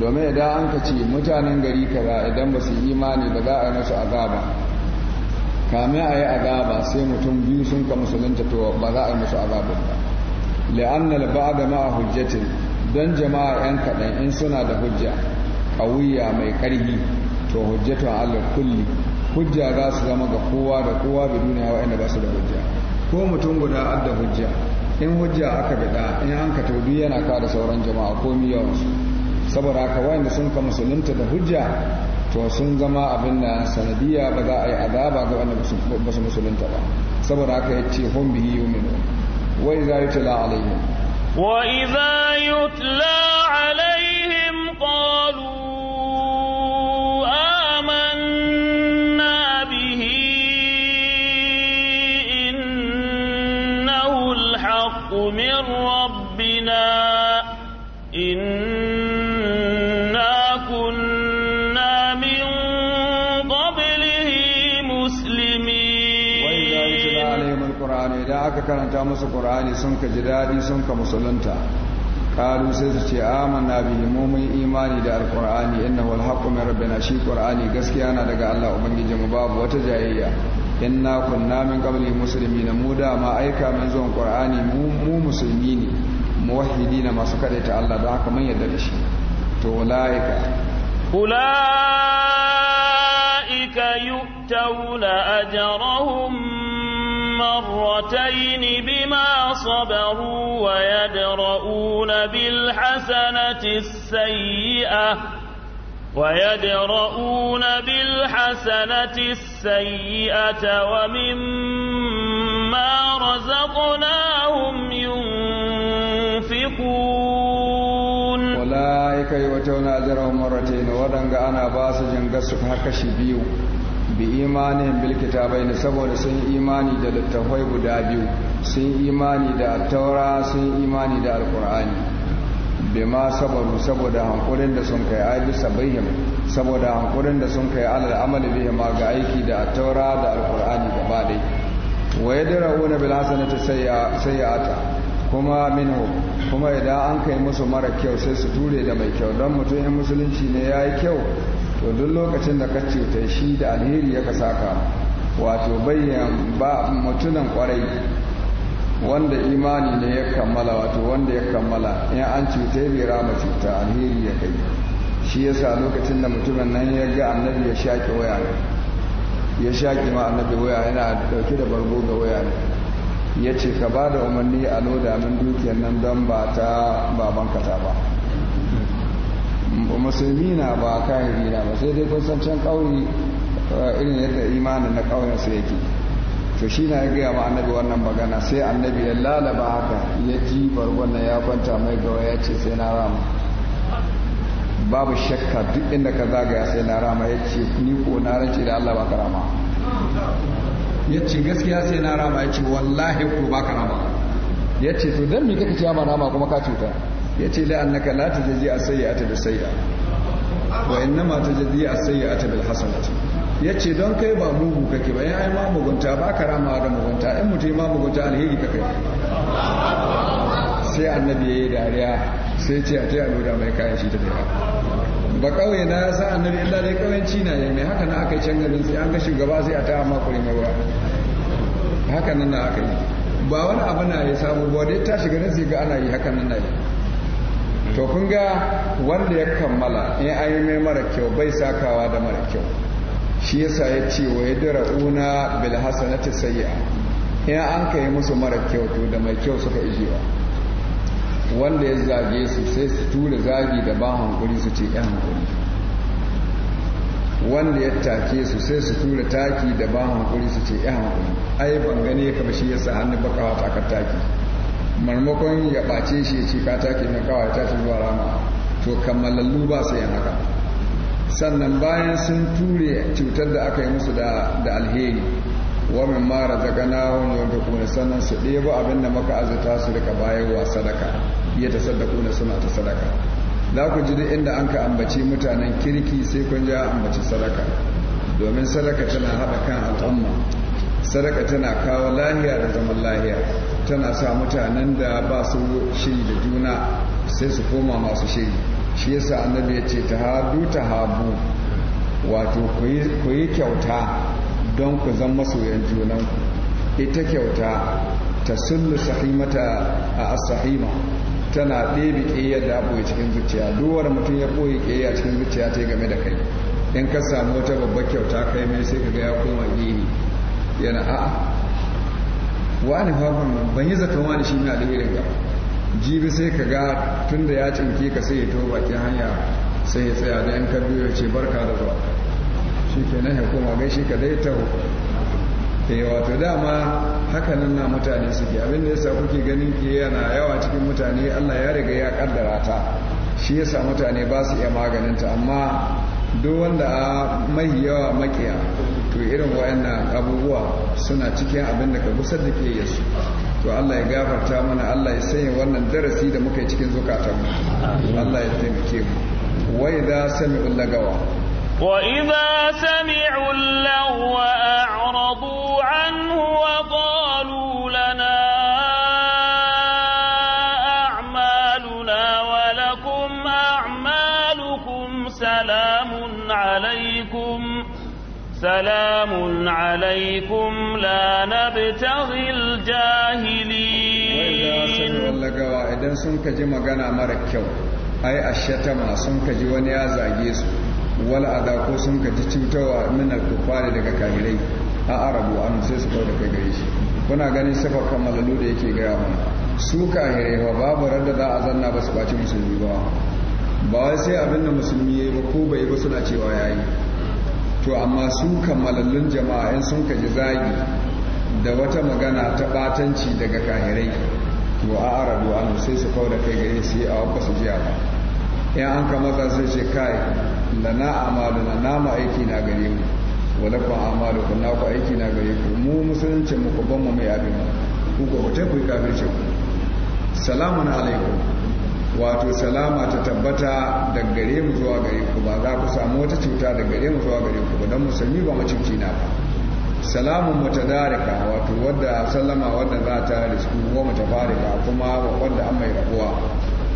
domin idan an ka ce mutanen gari kaza idan ba su imani ba za a yi musu azaba kamin a yi azaba sai mutum biyu sun ka musulunta to ba za a yi musu azaba ba li'annal ba'da ma'a hujjatin don jama'a 'yan kaɗan in suna da hujja ƙawuya mai ƙarfi to hujjatu ala kulli hujja za su zama ga kowa da kowa da duniya wa'anda ba su da hujja ko mutum guda adda hujja in hujja aka bida in an ka taubi yana ka da sauran jama'a ko komi su. saboda haka wa'anda sun ka musulunta da hujja to sun zama abin da sanadiyya ba za a yi azaba ga wanda ba su musulunta ba saboda haka ya ce hun bihi yuminu wa idza yutla alaihim wa idza yutla alaihim qalu من ربنا إنا كنا من قبله مسلمين وإذا يتلى عليهم القرآن إذا أكرنت أمس القرآن سنك جدادي سنك مسلمتا قالوا سيسوتي آمنا به مومن إيماني دا القرآن إنه الحق من ربنا شي قرآني قسكي أنا دقاء الله أبنجي جمباب وتجاهيه inna kunna min qabli muslimina mu da ma aika min zuwan qur'ani mu mu musulmi ne muwahhidina masu kadaita Allah da haka mun yarda da shi to ulaika ulaika yu'tawna ajrahum مرتين بما صبروا ويدرؤون بالحسنة السيئة ويدرؤون بالحسنة السيئة ومما رزقناهم ينفقون أولئك يؤتون أجرهم مرتين ودنغ أنا باس جنغسك هكشي بيو بإيمانهم بالكتابين سبب سن إيماني دا للتوحي دابيو سن إيماني دا التوراة سن إيماني دا القرآن bima sabaru saboda hankurin da sun kai ai bisa bayyan saboda hankurin da sun kai alal amali bihi ma ga aiki da taura da alqur'ani gaba dai wa yadrauna bil hasanati sayyata kuma minhu kuma idan an kai musu mara kyau sai su ture da mai kyau don mutum in musulunci ne yayi kyau to duk lokacin da ka cuta shi da alheri ya ka saka wato bayyan ba mutunan kwarai wanda imani ne ya kammala wato wanda ya kammala in an cuta ya bera ma cuta alheri ya kai shi ya sa lokacin da mutumin nan ya ga annabi ya shaƙi waya ne ya shaƙi ma annabi waya yana dauke da bargo ga waya ne ya ce ka ba da umarni a loda min dukiyar nan don ba ta baban kata ba musulmi na ba kayan rina ba sai dai kun san can ƙauri eh, irin yadda imanin na su yake to shi na ya gaya ma annabi wannan magana sai annabi ya lalaba haka ya ji bargwannan ya kwanta mai gawa ya ce sai na rama babu shakka duk inda ka zagaya sai na rama ya ce ni ko na rance da Allah ba ka rama ya ce gaskiya sai na rama ya ce wallahi ko ba ka rama ya ce to don me kake ciya ma rama kuma ka cuta ya ce annaka la tajazi a sayyata bi sayya wa innama tajazi a sayyata bil hasanati ya ce don kai ba mugu kake ba ya yi ma mugunta ba ka rama da mugunta in mutum ma mugunta alheri ka kai sai annabi ya yi dariya sai ce a yi da mai kayan shi da daya ba kauye na ya sa annabi illa dai kauyenci na mai haka na aka yi can garin sai an ga shugaba sai a amma kuri mai wa haka nan na aka yi ba wani abu na ya samu ba dai ta shiga sai ga ana yi haka nan na yi to kun ga wanda ya kammala in ayi mai mara kyau bai sakawa da mara kyau shi yasa ya ce wa ya yadra'una na ta sayya in an ka yi musu mara kyautu da mai kyau suka ijewa wanda ya zage su sai su tura zagi da ban hankuri su ce yan hankuri wanda ya take su sai su tura taki da ban hankuri su ce yan hankuri ai ban gane ka ba shi yasa hannu bakawa takar taki marmakon ya ɓace shi ya ce ka take na kawai ta zuwa rama to kammalallu ba su yi haka sannan bayan sun ture cutar da aka yi musu da alheri wa min wani razaqnahum kuma sannan su ɗebo abin da maka azuta su rika bayarwa sadaka sadda kuna suna ta sadaka za ku ji duk inda an ka ambaci mutanen kirki sai kun ja ambaci sadaka domin sadaka tana haɗa kan al'umma sadaka tana kawo lahiya da zaman lahiya tana sa mutanen da ba su shiri da juna sai su koma masu shiri shi yasa annabi ya ce ta ta tahabu wato ku yi kyauta don ku zan masoyan junanku ita kyauta ta sullu sahimata a asahima tana ɗebe ƙiyar da ɓoye cikin zuciya duwar mutum ya ɓoye ƙiyar cikin zuciya ta game da kai in ka samu wata babbar kyauta kai mai sai ka ga ya koma gini yana a'a wani fagon ban yi zaton wani shi ne a ga jibi sai ka ga tun da ya cinke ka sai ya to baki hanya sai ya tsaya da yan kabi ya ce barka da zuwa shi ke nan ya koma gaishe ka dai taho eh wato dama hakanan na mutane suke abin da yasa kuke ganin ke yana yawa cikin mutane Allah ya riga ya kaddara ta shi yasa mutane ba su iya maganinta amma duk wanda a mai yawa makiya to irin wayannan abubuwa suna cikin abin da ka gusar da ke yasu to Allah ya gafarta mana Allah ya sanya wannan darasi da muka yi cikin zukatanmu Allah ya taimake mu wa idza sami'u lagawa wa idza sami'u lagawa a'radu anhu wa سلام عليكم لا نبتغي الجاهلين wallagawa idan sun kaji magana mara kyau ai ashatama sun kaji wani ya zage su wal adha ko sun kaji cutawa min al daga kahirai a arabu an sai su kauda kai gare shi kuna ganin sifar kamalalu da yake gaya mana su kahirai ba babu da za a zanna ba su baci musulmi ba ba wai sai abinda musulmi yayi ba ko bai ba suna cewa yayi to amma su kammalallun jama'a in sun ji zagi da wata magana ta batanci daga kahirai to a arabu an sai su kawo da kai gare su yi a wakwa su jiya ba yan an kama za su ce kai da na amalu na nama aiki na gare mu wadda kuma amalu ku na ku aiki na gare ku mu musulunci mu ku ban mu mai abin ku ku ku tafi kafin ku salamun alaikum wato salama ta tabbata daga gare mu zuwa gare ku ba za ku samu wata cuta daga gare mu zuwa gare ku ba don musulmi ba macinci na ba salamun darika wato wadda sallama wadda za ta risku wa farika kuma wadda an mai rabuwa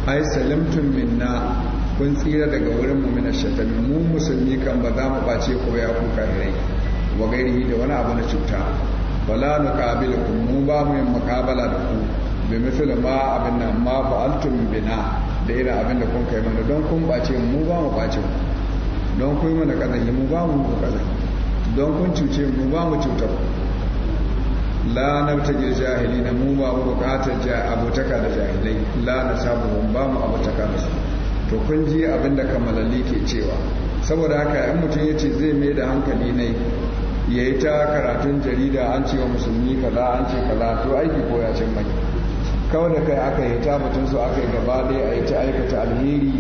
ai salimtun minna kun tsira daga wurin mu min ashatami mu musulmi kan ba za mu bace ko ya ku rai, wa gairihi da wani abu na cuta la nuqabilukum mu ba mu yin muqabala da ku bi misali ma abin nan ma fa'altum bina da irin abin da kun kai mana don kun bace mu ba mu bace mu don kun yi mana kazanyi mu ba mu ku kazanyi don kun cuce mu ba mu cutar la nabtaji jahili na mu ba mu bukatar abotaka da jahilai la na sabu ba mu abotaka da su to kun ji abin da kamalali ke cewa saboda haka in mutum ya ce zai mai da hankali ne ya yi ta karatun jarida an ce wa musulmi kaza an ce kaza to aiki ko ya cin mai kawo da kai aka yi ta batun su aka yi gaba da a yi ta aikata alheri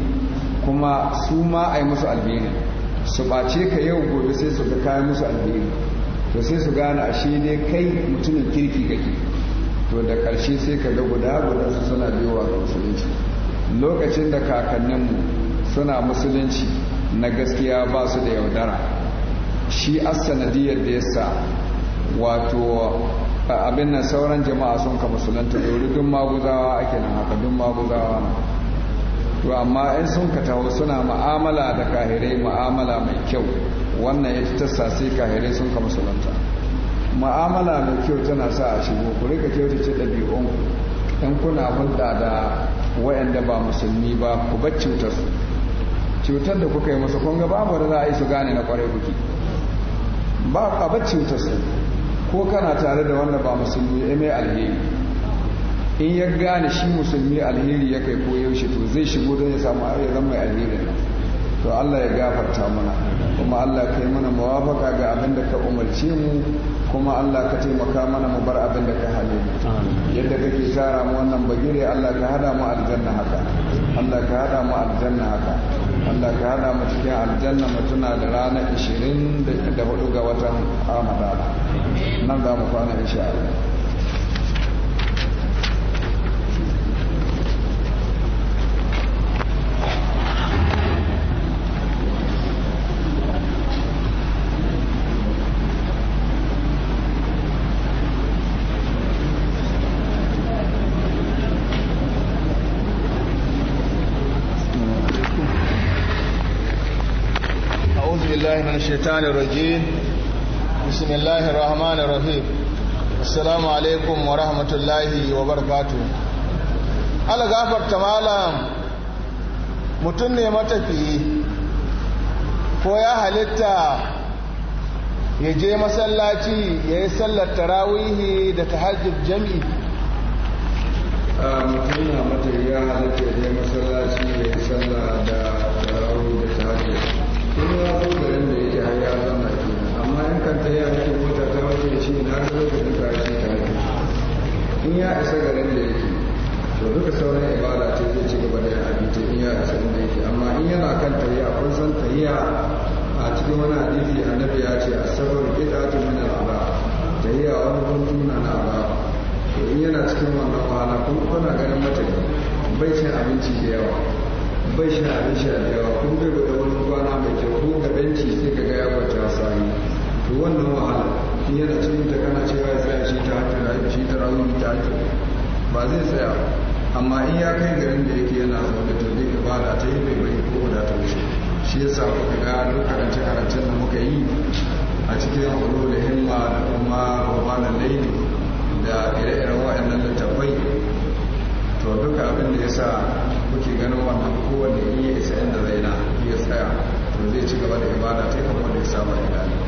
kuma su ma a yi musu alheri su ɓace ka yau gobe sai su ga kayan musu alheri to sai su gane ashe ne kai mutumin kirki kake to da ƙarshe sai ka ga guda guda su suna biyowa ga musulunci lokacin da kakanninmu suna musulunci na gaskiya ba su da yaudara shi as sanadiyar da yasa wato abin nan sauran jama'a sun ka musulunta dori duk maguzawa ake nan haka duk maguzawa to amma in sun ka taho suna ma'amala da kahirai ma'amala mai kyau wannan ya ta sasi kahirai sun ka musulunta ma'amala mai kyau tana sa a shigo ku rika kyautace ɗabi'un in kuna hulɗa da wayanda ba musulmi ba ku bar cutar su cutar da kuka yi musu kun ga babu da za a yi su gane na kwarai kuki ba a bar cutar su ko kana tare da wanda ba musulmi ya mai alheri in ya gane shi musulmi alheri ya kai ko yaushe to zai shigo don ya samu ya zama mai alheri to Allah ya gafarta mana kuma Allah kai mana mawafaka ga abin da ka umarce mu kuma Allah ka taimaka mana mu bar abin da ka hale yadda kake tsara mu wannan bagire Allah ka hada mu aljanna haka Allah ka hada mu aljanna haka Allah ka hada mu cikin aljanna mutuna da ranar 24 ga watan Ramadan نبدأ بقرآن إن شاء الله بالله من الشيطان الرجيم بسم الله الرحمن الرحيم السلام عليكم ورحمة الله وبركاته على mutum ne matafiyi ko ya halitta ya je masallaci ya yi sallar tarawihi da tahajjud jami'i mutum na matafiyi ya halitta ya je masallaci ya yi sallar da tarawihi da tahajjud kanta ya yake mota ta wace ya ce na ga lokacin da ake ta in ya isa garin da yake to duka sauran ibada ce zai ci gaba da ya abinci in ya isa inda yake amma in yana kan tahiya kun san tahiya a cikin wani hadisi annabi ya ce a asabar qita'atu min ta yi a wani gungun na ba to in yana cikin wannan wahala kun kuna ganin mata bai cin abinci da yawa bai shan abinci da yawa kun bai gudu wani kwana mai kyau ko ga benci sai ka ga ya kwanta sani to wannan wahala shi yana cikin ta kana cewa ya tsaya shi ta hajji rayu shi ta rayu ta hajji ba zai tsaya amma in ya kai garin da yake yana zaune to zai da ta yi bai bai ko da ta wuce shi sa kuka ga duk karance karancen da muka yi a cikin hudu da himma da kuma rubanan laili da ire-iren wa'annan littattafai to duka abin da ya sa kuke ganin wannan kowanne iya isa inda zai na iya tsaya to zai ci gaba da ibada ta kamar da ya saba ibada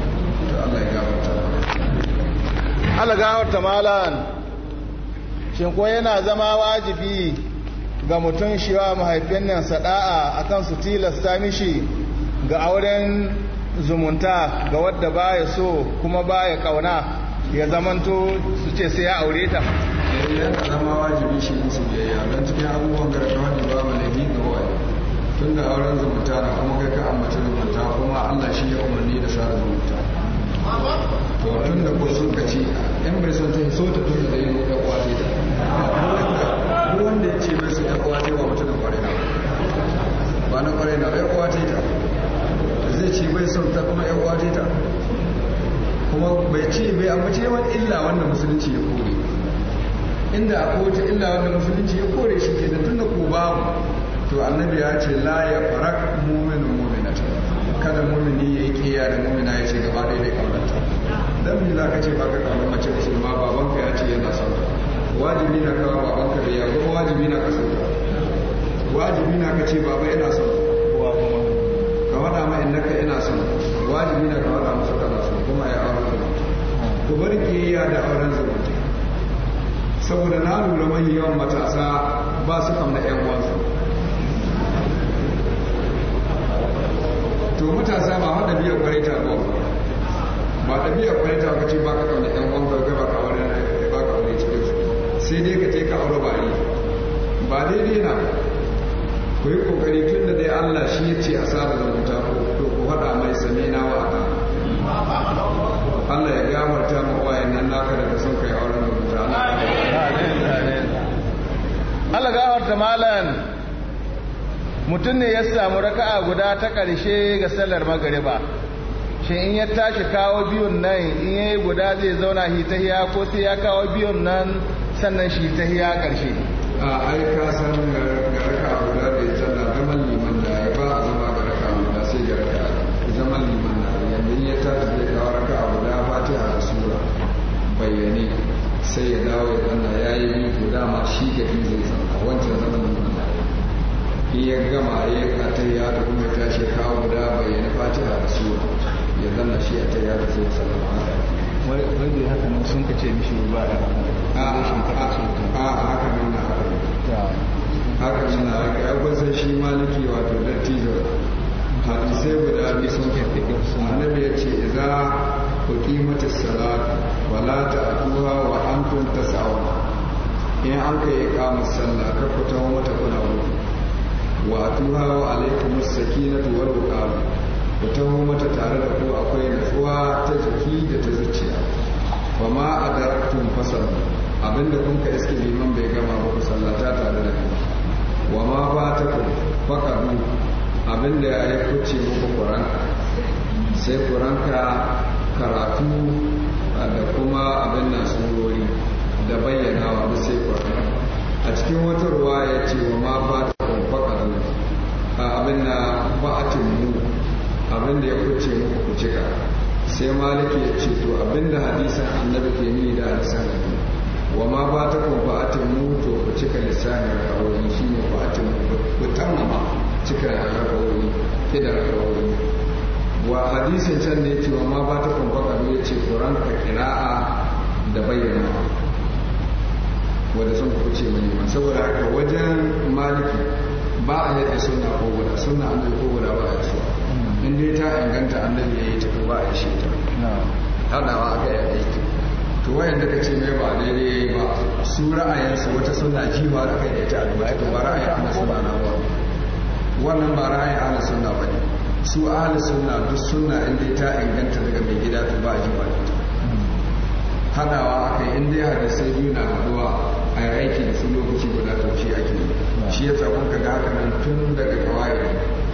Allah gafarta malan shin ko yana zama wajibi ga mutum shiwa mahaifin nan sada'a akan su tilasta mishi ga auren zumunta ga wadda baya so kuma baya kauna ya zamanto su ce sai ya aure ta yana zama wajibi shi musu biyayya don cikin abubuwan gargawa ne ba malabi ga waye tun da auren zumunta na kuma kai ka ambaci zumunta kuma Allah shi ya umarni da sa zumunta waɗanda ko sun yan bai son so ta tuni da ya kwace ta wanda ya ce ya kwace ba mutum na kwarai na ba na kwarai na ya kwace ta zai ce bai son ta kuma ya kwace ta kuma bai ce bai amma ce wani illa wanda musulunci ya kore inda a kowace illa wanda musulunci ya kore shi ke da tun da ko babu to annabi ya ce la ya farak mu'minu kada mumini ya yi kiyaya da mumina ya ce gaba ɗaya bai kamata dan me za ka ce ba ka kamar mace musulma babanka ya ce yana son wajibi na kawo babanka da yawa. kuma wajibi na ka son wajibi na ka ce baba yana son ka faɗa ma in naka yana son wajibi na ka faɗa musu kana son kuma ya aure zuwa ku bar kiyaya da auren zumunci saboda na lura mai yawan matasa ba su kamna 'yan uwansu to matasa ba haɗa biyar kwarai ta ba ba da biyar kwarai ta ba ce ba ka kauna yan wanda ga ba ka ya ba ka wani cikin su sai dai ka ce ka aure ba ni ba daidai na ku yi kokari tun da dai Allah shi ya ce a sada ko to ku haɗa mai sami na wa Allah ya gafarta ma wayan nan naka da ka son kai auren zumunta Allah ya gafarta malam mutum ne ya samu raka'a guda ta ƙarshe ga sallar magariba shi in ya tashi kawo biyun nan in ya yi guda zai zauna hitahiya hiya ko sai ya kawo biyun nan sannan shi ta hiya ƙarshe a aika ka san ga raka'a guda da ya tsalla zaman liman da ya ba a zama ga raka'a guda sai ga raka'a zaman liman da yi ya tashi zai kawo raka'a guda fatiha a sura bayyane sai ya dawo ya zanna ya yi biyu ma shi gari zai zanna wancan zaman liman in ya gama ya kata ya da kuma ta shi kawo guda bayyana fatiha da sura ya zanna shi a ta ya da sai salama wani ya haka nan sun kace ni shi ba ya a haka nan na haka haka nan na haka ya gwasa shi maliki wato dattijo hadisai guda biyu sun ka annabi ya ce idza uqimati salat wala ta ta'tuha wa antum tas'un in an kai kama sallah ka fita wata kuna wuri wa atuha wa alaikum as-sakinatu wal wuqar ku taho mata tare da ku akwai nutsuwa ta jiki da ta zuciya fa ma adaratum fasal abinda kun ka iske liman bai gama ba sallata tare da ku wa ma fatakum faqadu abinda ya yi kuce muku qur'an sai quran ka karatu da kuma abin nan surori da bayyana wa sai quran a cikin wata ruwa ya ce wa ma ba ta abin na ba'atin mu abin da ya kuce muku ku cika sai maliki ya ce to abin da hadisan annabi ke nuni da lisanin wa ma ba ta ba ba'atin mu to ku cika shi ne shine ba'atin mu ku ma cika ra'ayoyi kida ra'ayoyi wa hadisin can ne ce wa ma ba ta kuma ba'atin ya ce kuran ka kira'a da bayyana wanda sun kuce mai saboda haka wajen maliki ba a yadda suna ko guda suna an ko guda ba a yasuwa hmm. in dai ta inganta annabi ya yi ta ba a shi ta haɗawa a kai aiki to wayan da kace mai ba daidai yayi ba su su wata suna jiwa da kai da ita alba to ba ra'ayin ana suna na ba wannan ba ra'ayin ana suna ba ne su ahli suna duk suna in dai ta inganta daga mai gida to ba a jiwa da ita hmm. haɗawa a kai in dai hadisai biyu na a yi aiki da su lokaci shi ya tsawon ka ga haka nan tun daga kawai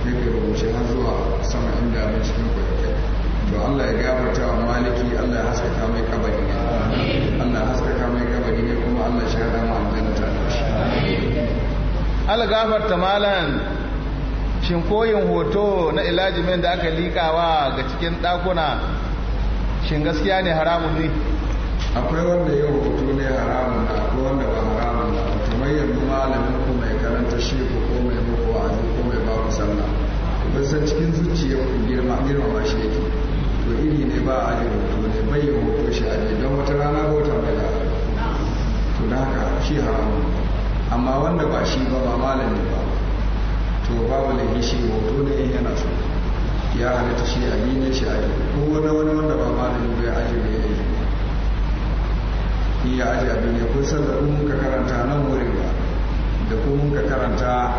sai ka rubuce har zuwa sama inda mai cikin kwanakai to Allah ya gabata wa maliki Allah ya haskaka mai kabari ne Allah ya haskaka mai kabari ne kuma Allah ya shahada mu aljanna ta Allah ta malan shin koyin hoto na ilajimin da aka likawa ga cikin dakuna shin gaskiya ne haramun ne akwai wanda ya hoto ne haramun akwai wanda ba haramun na kamar yanzu malamin shi ku ko mai a wa'azi ko mai ba ku sallah kun san cikin zuciya ku girma girma shi yake to iri ne ba a yin to ne bai yi hoto shi a ne don wata rana ko wata bai da to da haka shi haramun amma wanda ba shi ba ba malami ba to babu ne shi hoto ne in yana so ya halatta shi a yi ne shi a yi ko wani wani wanda ba malami ba ya aje ne ya yi ya aje abin ya kun san da muka karanta nan wurin ba da kuma ka karanta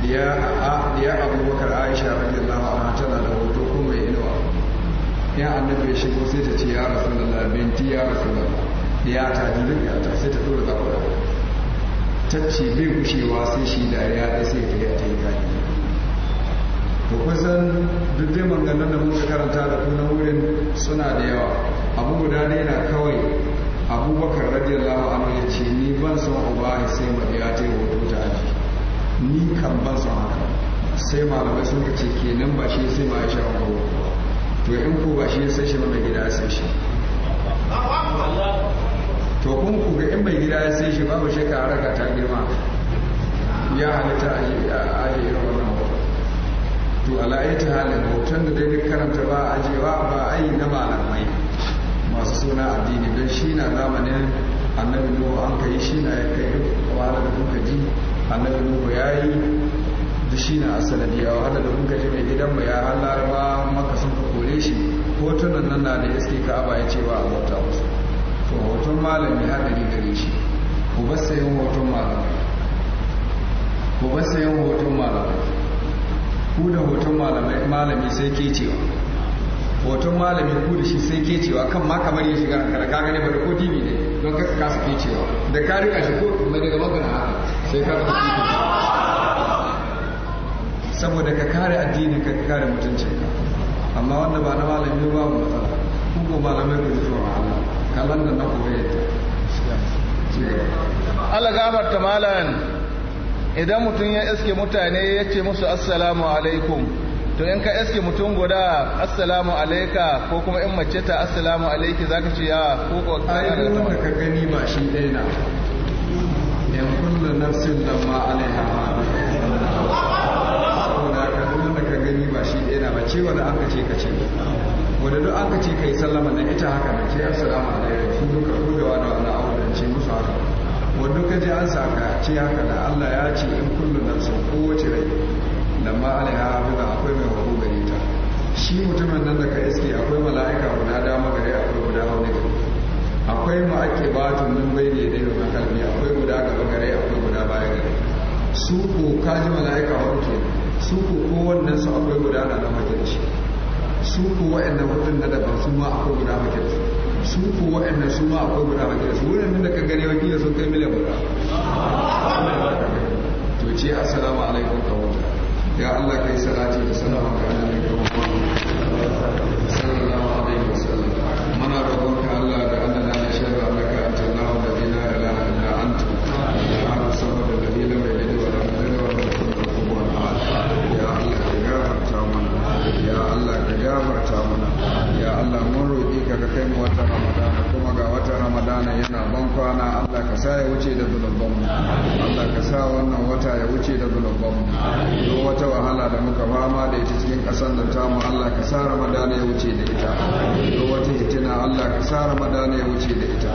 abu abubakar aisha radiyallahu anha tana da hoto kuma mai inuwa ya annabi ya shigo sai ta ce ya rasulullah binti ya rasulullah ya ta dubin ya ta sai ta dora zakura ta ce bai gushewa sai shi da ya da sai ta ya ta yi kaki to kusan duk dai manganan da muka karanta da kuna wurin suna da yawa abu guda ne na kawai abubakar radiyallahu anhu ya ce ni ban son uba ya sai ma biya ta hoto ta aji ni kan ban son haka sai malamai sun ka ce kenan ba shi sai ma ya sha hoto to in ko ba shi ya sai shi mai gida ya sai shi to kun ku ga in mai gida ya sai shi babu shakka haraka ta girma ya halitta a aji irin wannan hoto to ala'aita halin hoton da dai karanta ba a ajewa ba a yi na malamai masu suna addini don shi na zamanin annabi nuhu an ka yi shi na ya kai wahala da kuka ji annabi nuhu ya yi da shi na asaladi a wahala da kuka ji mai gidan mu ya halarwa maka sun ka kore shi hotunan nan na da iske ka ya cewa a bauta musu to hoton malami haɗari gare shi ku bar sayan hoton malami ku sayan hoton ku da hoton malami sai ke cewa hoton malamin ku da shi sai ke cewa kan ma kamar ya shiga kada ka gane ba da ko dibi ne don ka kasa cewa da ka rika shi ko mai daga magana haka sai ka rika saboda ka kare addini ka kare mutuncinka amma wanda ba na malamin ba mu matsala ku ko malamai ku ji tsoron Allah kalan da na koye Allah ta malam idan mutum ya iske mutane ya ce musu assalamu alaikum to in ka iske mutum guda assalamu alaika ko kuma in mace ta assalamu alaiki zaka ce ya ko ko ka gani ba shi ɗaya na yan kullu nafsin da ma alaiha ma ka da ka gani ba shi daina, na ba ce wanda aka ce ka ce wanda duk aka ce kai sallama na ita haka na ce assalamu alaikum su duka ku da wani auren ce musu haka wanda ka ji an saka ce haka da Allah ya ce in kullu nafsin kowace rai lamma ha hafiza akwai mai wabu gare ta shi mutumin nan da ka iske akwai mala'ika guda dama gare akwai guda hauni gare akwai nan bai ne dai wa kalbi akwai guda gaba gare akwai guda baya gare su ko kaji mala'ika ke su ko kowannen su akwai guda na na mace su ko wa'annan hudun na daban su ma akwai guda mace su ko wa'annan su ma akwai guda mace da wurin da ka gani wakilin sun kai miliyan guda to ce assalamu alaikum ka ya Allah kai salati da salama ga annabi ga Muhammad sallallahu alaihi wasallam muna roƙonka Allah da annana na sharra annaka antallahu alladhi la ilaha illa anta subhanaka sabba alladhi lam yalid wa lam yulad wa lam yakul lahu kufuwan ahad ya Allah ka gafarta mana ya Allah ka gafarta mana ya Allah mun roƙi ka ka kai mu wata watan ramadana yana ban kwana allah ka sa ya wuce da mu allah ka sa wannan wata ya wuce da zulubanmu duk wata wahala da muka fama da ita cikin kasan da ta mu allah ka sa ramadana ya wuce da ita duk wata hitina allah ka sa ramadana ya wuce da ita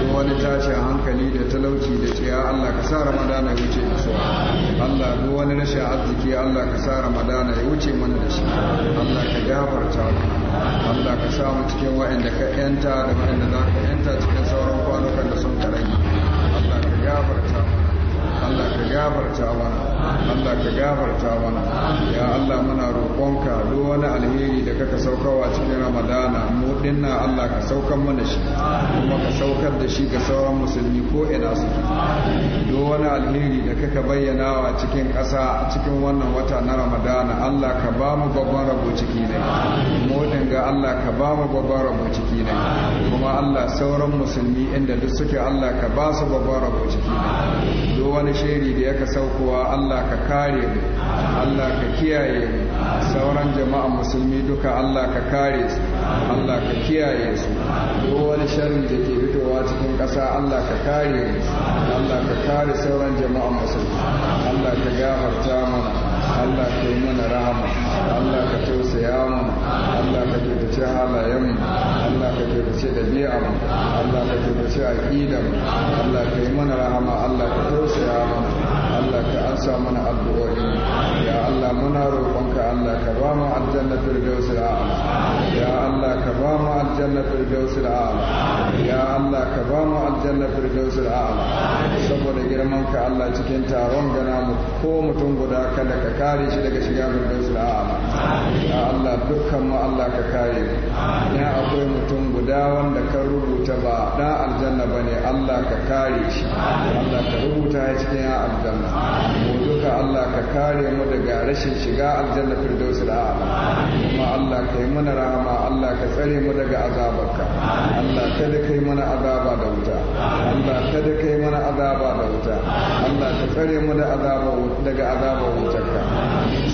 duk wani tashin hankali da talauci da tsiya allah ka sa ramadana ya wuce da su allah duk wani rashin arziki allah ka sa ramadana ya wuce mana da shi allah ka gafarta mana Allah ka samu cikin wa'anda ka yanta da wa'anda za ka yanta cikin sauran kwanukan da sun ka Allah ka gafarta mu Allah ka gafarta mana Allah ka gafarta mana ya Allah muna roƙonka duk wani alheri da kaka saukawa cikin Ramadana mu dinna Allah ka saukar mana shi kuma ka saukar da shi ga sauran musulmi ko ina su duk wani alheri da kaka bayyanawa cikin ƙasa cikin wannan wata na Ramadana Allah ka ba mu babban rabo ciki ne mu dinga Allah ka ba mu babban rabo ciki ne kuma Allah sauran musulmi inda duk suke Allah ka ba su babban rabo ciki ne duk wani alheri da yaka saukowa Allah ka kare mu Allah ka kiyaye mu sauran jama'an musulmi duka Allah ka kare su Allah ka kiyaye su duk wani sharri da ke fitowa cikin ƙasa Allah ka kare mu Allah ka kare sauran jama'an musulmi Allah ka gafarta mana Allah ka yi mana rahama Allah ka tausaya mana Allah ka kyautace halayen mu Allah ka kyautace dabi'a mu Allah ka kyautace aqida mu Allah ka yi mana rahama Allah ka tausaya mana Allah ka ansa mana addu'o'i ya Allah muna roƙonka Allah ka ba mu aljanna firdaus al'ala ya Allah ka ba mu aljanna firdaus al'ala ya Allah ka ba mu aljanna firdaus al'ala saboda girman ka Allah cikin taron gana mu ko mutum guda kada ka kare shi daga shiga firdaus al'ala ya Allah dukkan mu Allah ka kare ya akwai mutum guda wanda ka rubuta ba ɗan aljanna ba ne Allah ka kare shi Allah ka rubuta ya cikin ya aljanna mu duka Allah ka kare mu daga rashin shiga aljanna firdausi da kuma Allah ka yi mana rahama Allah ka tsare mu daga azabarka Allah ka da kai mana azaba da wuta Allah ka da kai mana azaba da wuta Allah ka tsare mu daga azabar wutarka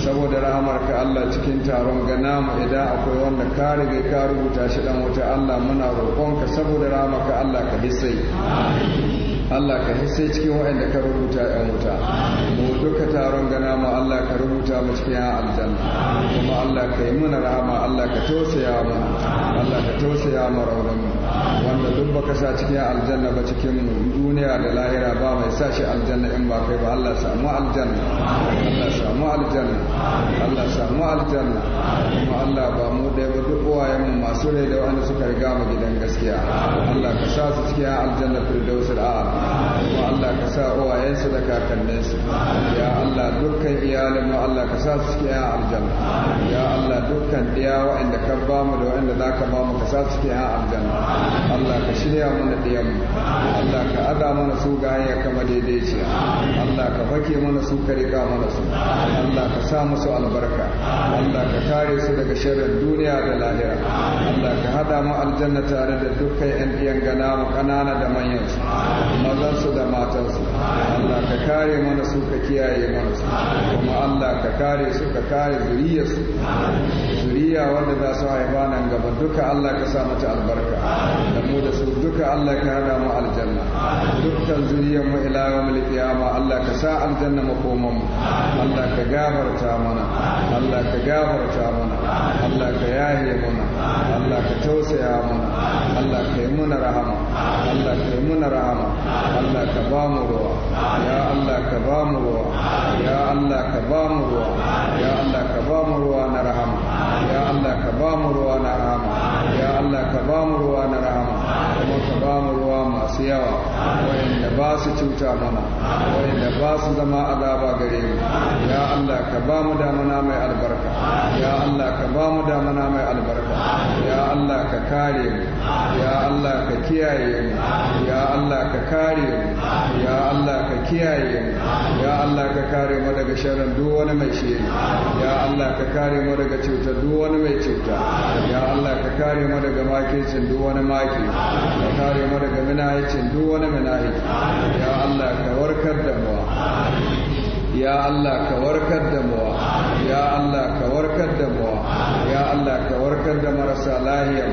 saboda rahamarka Allah cikin taron ga namu idan akwai wanda ka bai ka rubuta shi dan wuta Allah muna roƙonka saboda ramaka Allah ka hissai Allah ka hissai cikin waɗanda ka rubuta ‘yan wuta mu duka taron gana ma Allah ka rubuta mu cikin ya aljanna kuma Allah ka yi muna rama Allah ka tausaya mu Allah ka tausaya mu mu wanda duk ka sa cikin aljanna ba cikin duniya da lahira ba mai sa shi aljanna in ba kai ba Allah samu aljanna Allah samu aljanna Allah samu aljanna kuma Allah ba mu dai ba duk uwayen mu masu rai da wanda suka riga mu gidan gaskiya Allah ka sa su cikin aljanna firdausul a'la kuma Allah ka sa uwayen su da kakannin su ya Allah dukkan iyalin mu Allah ka sa su cikin aljanna ya Allah dukkan diya wa'anda ka ba mu da wa'anda zaka ba mu ka sa su cikin aljanna Allah ka shirya mana ɗiyan Allah ka ada mana su ga ya kama daidai ce. Allah ka fake mana su ka riga mana su Allah ka sa musu albarka Allah ka kare su daga sharrin duniya da lahira Allah ka hada mu aljanna tare da dukkan ƴan ɗiyan gana mu ƙanana da manyan su mazan su da matan su Allah ka kare mana su ka kiyaye mana su kuma Allah ka kare su ka kare zuriyar su zuriya wanda za su haifa nan gaba duka Allah ka sa mata albarka ka Allah ka hada mu aljanna dukkan zuriyar mu ila yawmil qiyama Allah ka sa aljanna makoman mu Allah ka gafarta mana Allah ka gafarta mana Allah ka yahe mana Allah ka tausaya mana Allah ka yi muna rahama Allah ka yi muna rahama Allah ka ba mu ruwa ya Allah ka ba mu ruwa ya Allah ka ba mu ruwa ya Allah ka ba mu ruwa na rahama ya Allah ka ba mu ruwa na rahama ya Allah ka ba mu ruwa na rahama kuma ka ba mu ruwa masu yawa wayanda ba su cuta mana wayanda ba su zama azaba gare mu ya Allah ka ba mu damana mai albarka ya Allah ka ba mu damana mai albarka ya Allah ka kare mu ya Allah ka kiyaye mu ya Allah ka kare mu ya Allah ka kiyaye mu ya Allah ka kare mu daga sharrin duk wani mai shi ya Allah ka kare mu daga cutar duk wani mai cuta ya Allah ka kare mu daga makircin duk wani maki ka kare mu daga minahicin duk wani minahiki ya Allah ka warkar da mu ya Allah ka warkar da muwa ya Allah ka warkar da muwa ya Allah ka warkar da marasa lahiya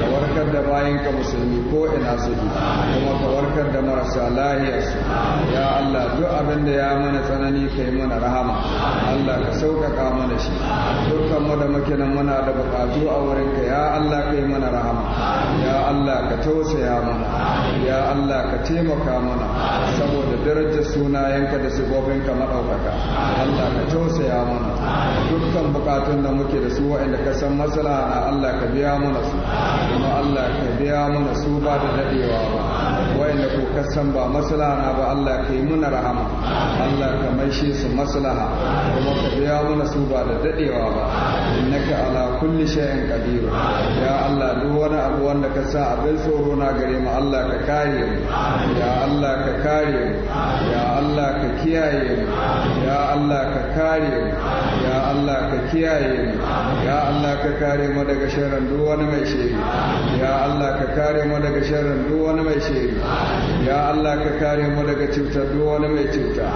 ka warkar da bayan ka musulmi ko ina suke kuma ka warkar da marasa lahiyar su ya Allah duk abin da ya mana tsanani kai mana rahama Allah ka sauƙaƙa mana shi dukkan mu da muke nan muna da buƙatu a wurin ka ya Allah kai mana rahama ya Allah ka tausaya mana ya Allah ka taimaka mana saboda darajar sunayenka da sifofin maka. ɗaukaka Allah ka tausaya mana dukkan bukatun da muke da su waɗanda ka san matsala na Allah ka biya mana su kuma Allah ka biya mana su ba da daɗewa ba da ko kasan ba maslaha na ba Allah ka yi muna rahama Allah ka maishe su maslaha kuma ka biya muna su ba da dadewa ba innaka ala kulli shay'in qadir ya Allah duk wani abu wanda ka sa abin tsoro na gare mu Allah ka kare mu ya Allah ka kare mu ya Allah ka kiyaye mu ya Allah ka kare mu ya Allah ka kiyaye mu ya Allah ka kare mu daga sharrin duk wani mai shiri ya Allah ka kare mu daga sharrin duk wani mai shiri ya Allah ka kare mu daga cutar duk wani mai cuta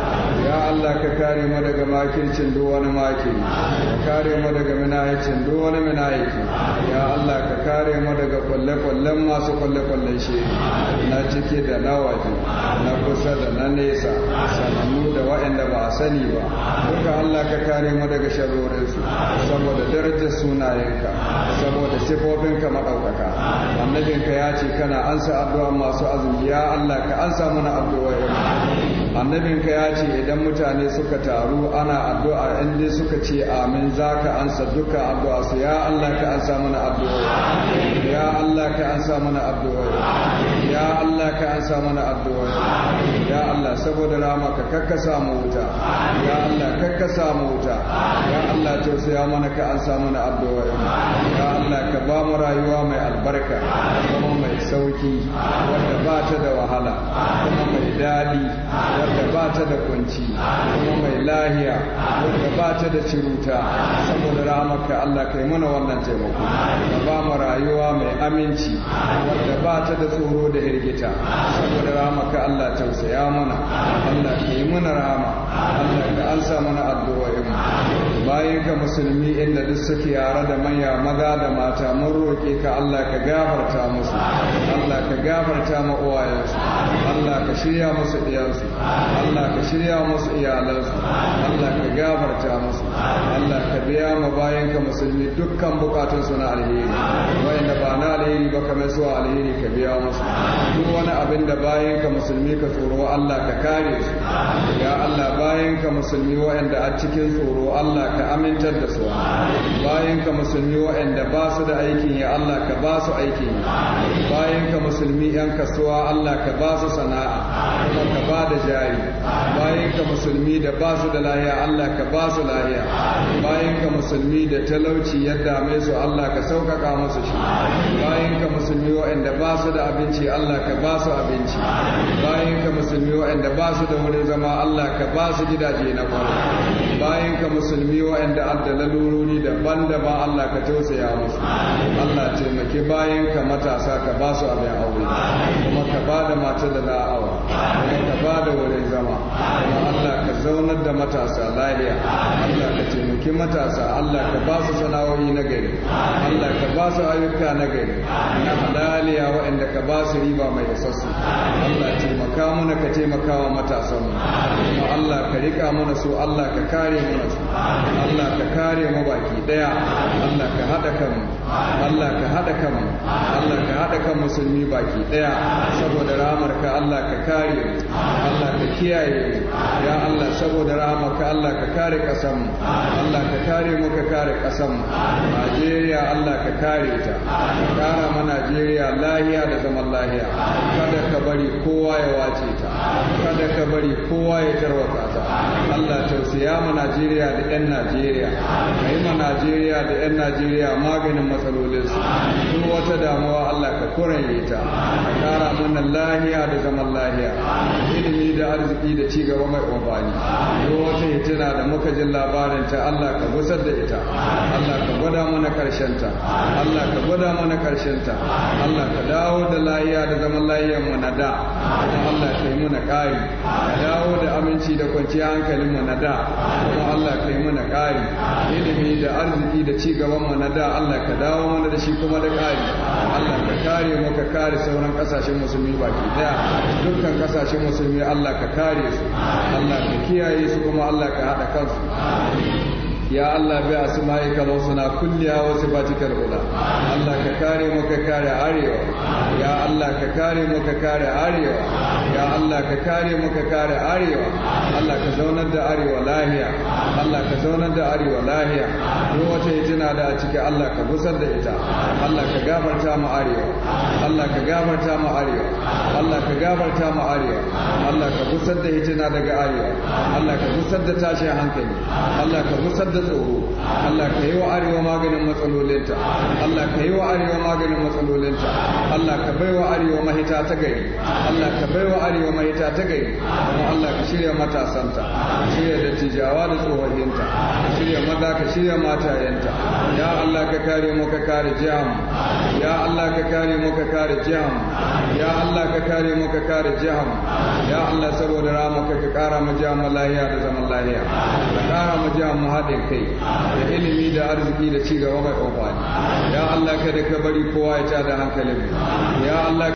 ya Allah ka kare mu daga makircin duk wani makiri ka kare mu daga minayicin duk wani minayiki ya Allah ka kare mu daga kwalle-kwallen masu kwalle-kwallen shi na cike da na waje na kusa da na nesa sanannu da waɗanda ba a sani ba duka Allah ka kare mu daga sharorinsu saboda darajar sunayenka saboda sifofinka maɗaukaka annabinka ya ce kana ansa addu'a masu azumi ya Allah ka ansa mana addu'o'i annabin ka ya ce idan mutane suka taru ana addu'a inda suka ce amin zaka ansa dukkan addu'a su ya Allah ka ansa mana addu'o'i ya Allah ka ansa mana addu'o'i ya Allah ka an samu mana addu'a ya Allah saboda rama ka kakka samu wuta ya Allah kakka samu wuta ya Allah tausaya mana ka an samu mana addu'a ya Allah ka ba mu rayuwa mai albarka kuma mai sauki wanda ba ta da wahala kuma mai daɗi wanda ba ta da kunci kuma mai lahiya wanda ba ta da ciruta saboda ramaka Allah kai mana wannan taimako ka ba mu rayuwa mai aminci wanda ba ta da tsoro da da hirgita saboda ramaka Allah tausaya mana Allah ka yi mana rama Allah ka alsa mana addu'o'in bayan ka musulmi inda duk suke yare da manya maza da mata mun roƙe ka Allah ka gafarta musu Allah ka gafarta ma uwayensu Allah ka shirya musu iyansu Allah ka shirya musu iyalansu Allah ka gafarta musu Allah ka biya ma bayan ka musulmi dukkan bukatun su na alheri wanda ba na alheri ba kamar su alheri ka biya musu duk wani abin da bayan ka musulmi ka tsoro Allah ka kare su ya Allah bayan ka musulmi wa'anda a cikin tsoro Allah ka. ka amintar da su bayan ka musulmi waɗanda ba su da aikin ya Allah ka ba su aikin bayan ka musulmi yan kasuwa Allah ka ba su sana'a kuma ka ba da jari bayan ka musulmi da ba su da lahiya Allah ka ba su lahiya bayan ka musulmi da talauci yadda mai su Allah ka sauƙaƙa musu shi bayan ka musulmi waɗanda ba su da abinci Allah ka ba su abinci bayan ka musulmi waɗanda ba su da wurin zama Allah ka ba su gidaje na kwana bayan ka musulmi waɗanda adda lalurori daban da ba Allah ka tausaya musu Allah taimaki bayan ka matasa ka ba su abin aure kuma ka ba da mata da la'awa kuma ka ba da wurin zama kuma Allah ka zaunar da matasa lahiya Allah ka taimaki taimaki matasa Allah ka ba su sana'o'i na gari Allah ka ba su ayyuka na gari na halaliya waɗanda ka ba su riba mai isassu Allah taimaka mana ka taimaka wa matasan mu kuma Allah ka rika mana su Allah ka kare mana su Allah ka kare mu baki daya Allah ka hada kanmu Allah ka hada kanmu Allah ka hada kan musulmi baki daya saboda ka Allah ka kare mu Allah ka kiyaye ya Allah saboda ka Allah ka kare kasanmu Allah Allah ka kare mu ka kare ƙasar mu Najeriya Allah ka kare ta kara ma Najeriya lahiya da zaman lahiya kada ka bari kowa ya wace ta kada ka bari kowa ya tarwata ta Allah tausaya ma Najeriya da ƴan Najeriya ka yi ma Najeriya da 'yan Najeriya maganin matsalolin matsalolinsu duk wata damuwa Allah ka kuranye ta ka kara mana lahiya da zaman lahiya ilimi da arziki da cigaba mai amfani duk wata na da muka jin labarin ta Allah ka gusar da ita Allah ka gwada mana karshenta Allah ka gwada mana karshenta Allah ka dawo da layiya da zaman layiyan mu na da kuma Allah ka yi mana ƙari ka dawo da aminci da kwanciyar hankalin mu na da kuma Allah ka yi mana ƙari ilimi da arziki da ci gaban mu na da Allah ka dawo mana da shi kuma da ƙari Allah ka kare mu ka kare sauran kasashen musulmi baki daya dukkan kasashen musulmi Allah ka kare su Allah ka kiyaye su kuma Allah ka haɗa kansu ya Allah bi asma'ika al-husna kulliha wa sifatikal ula Allah ka kare maka kare arewa ya Allah ka kare maka kare arewa ya Allah ka kare maka kare arewa Allah ka zaunar da arewa lahiya Allah ka zaunar da arewa lahiya duk wata yitina da a ciki Allah ka gusar da ita Allah ka gafarta mu arewa Allah ka gafarta mu arewa Allah ka gafarta mu arewa Allah ka gusar da hitina daga arewa Allah ka gusar da tashin hankali Allah ka gusar da ta tsoro Allah ka yi wa arewa maganin matsalolinta Allah ka yi wa arewa maganin matsalolinta Allah ka bai wa arewa mahita ta gari Allah ka bai wa arewa mahita ta gari kuma Allah ka shirya matasanta ka shirya dattijawa da tsohoninta ka shirya maza ka shirya matayenta ya Allah ka kare mu ka kare jiham ya Allah ka kare mu ka kare jiham ya Allah ka kare mu ka kare jiham ya Allah saboda ramuka ka kara mu jiham lahiya da zaman lahiya ka kara mu jiham mu haɗin kai da ilimi da arziki da ci gaba mai amfani ya Allah kada ka bari kowa ya da hankalin ya Allah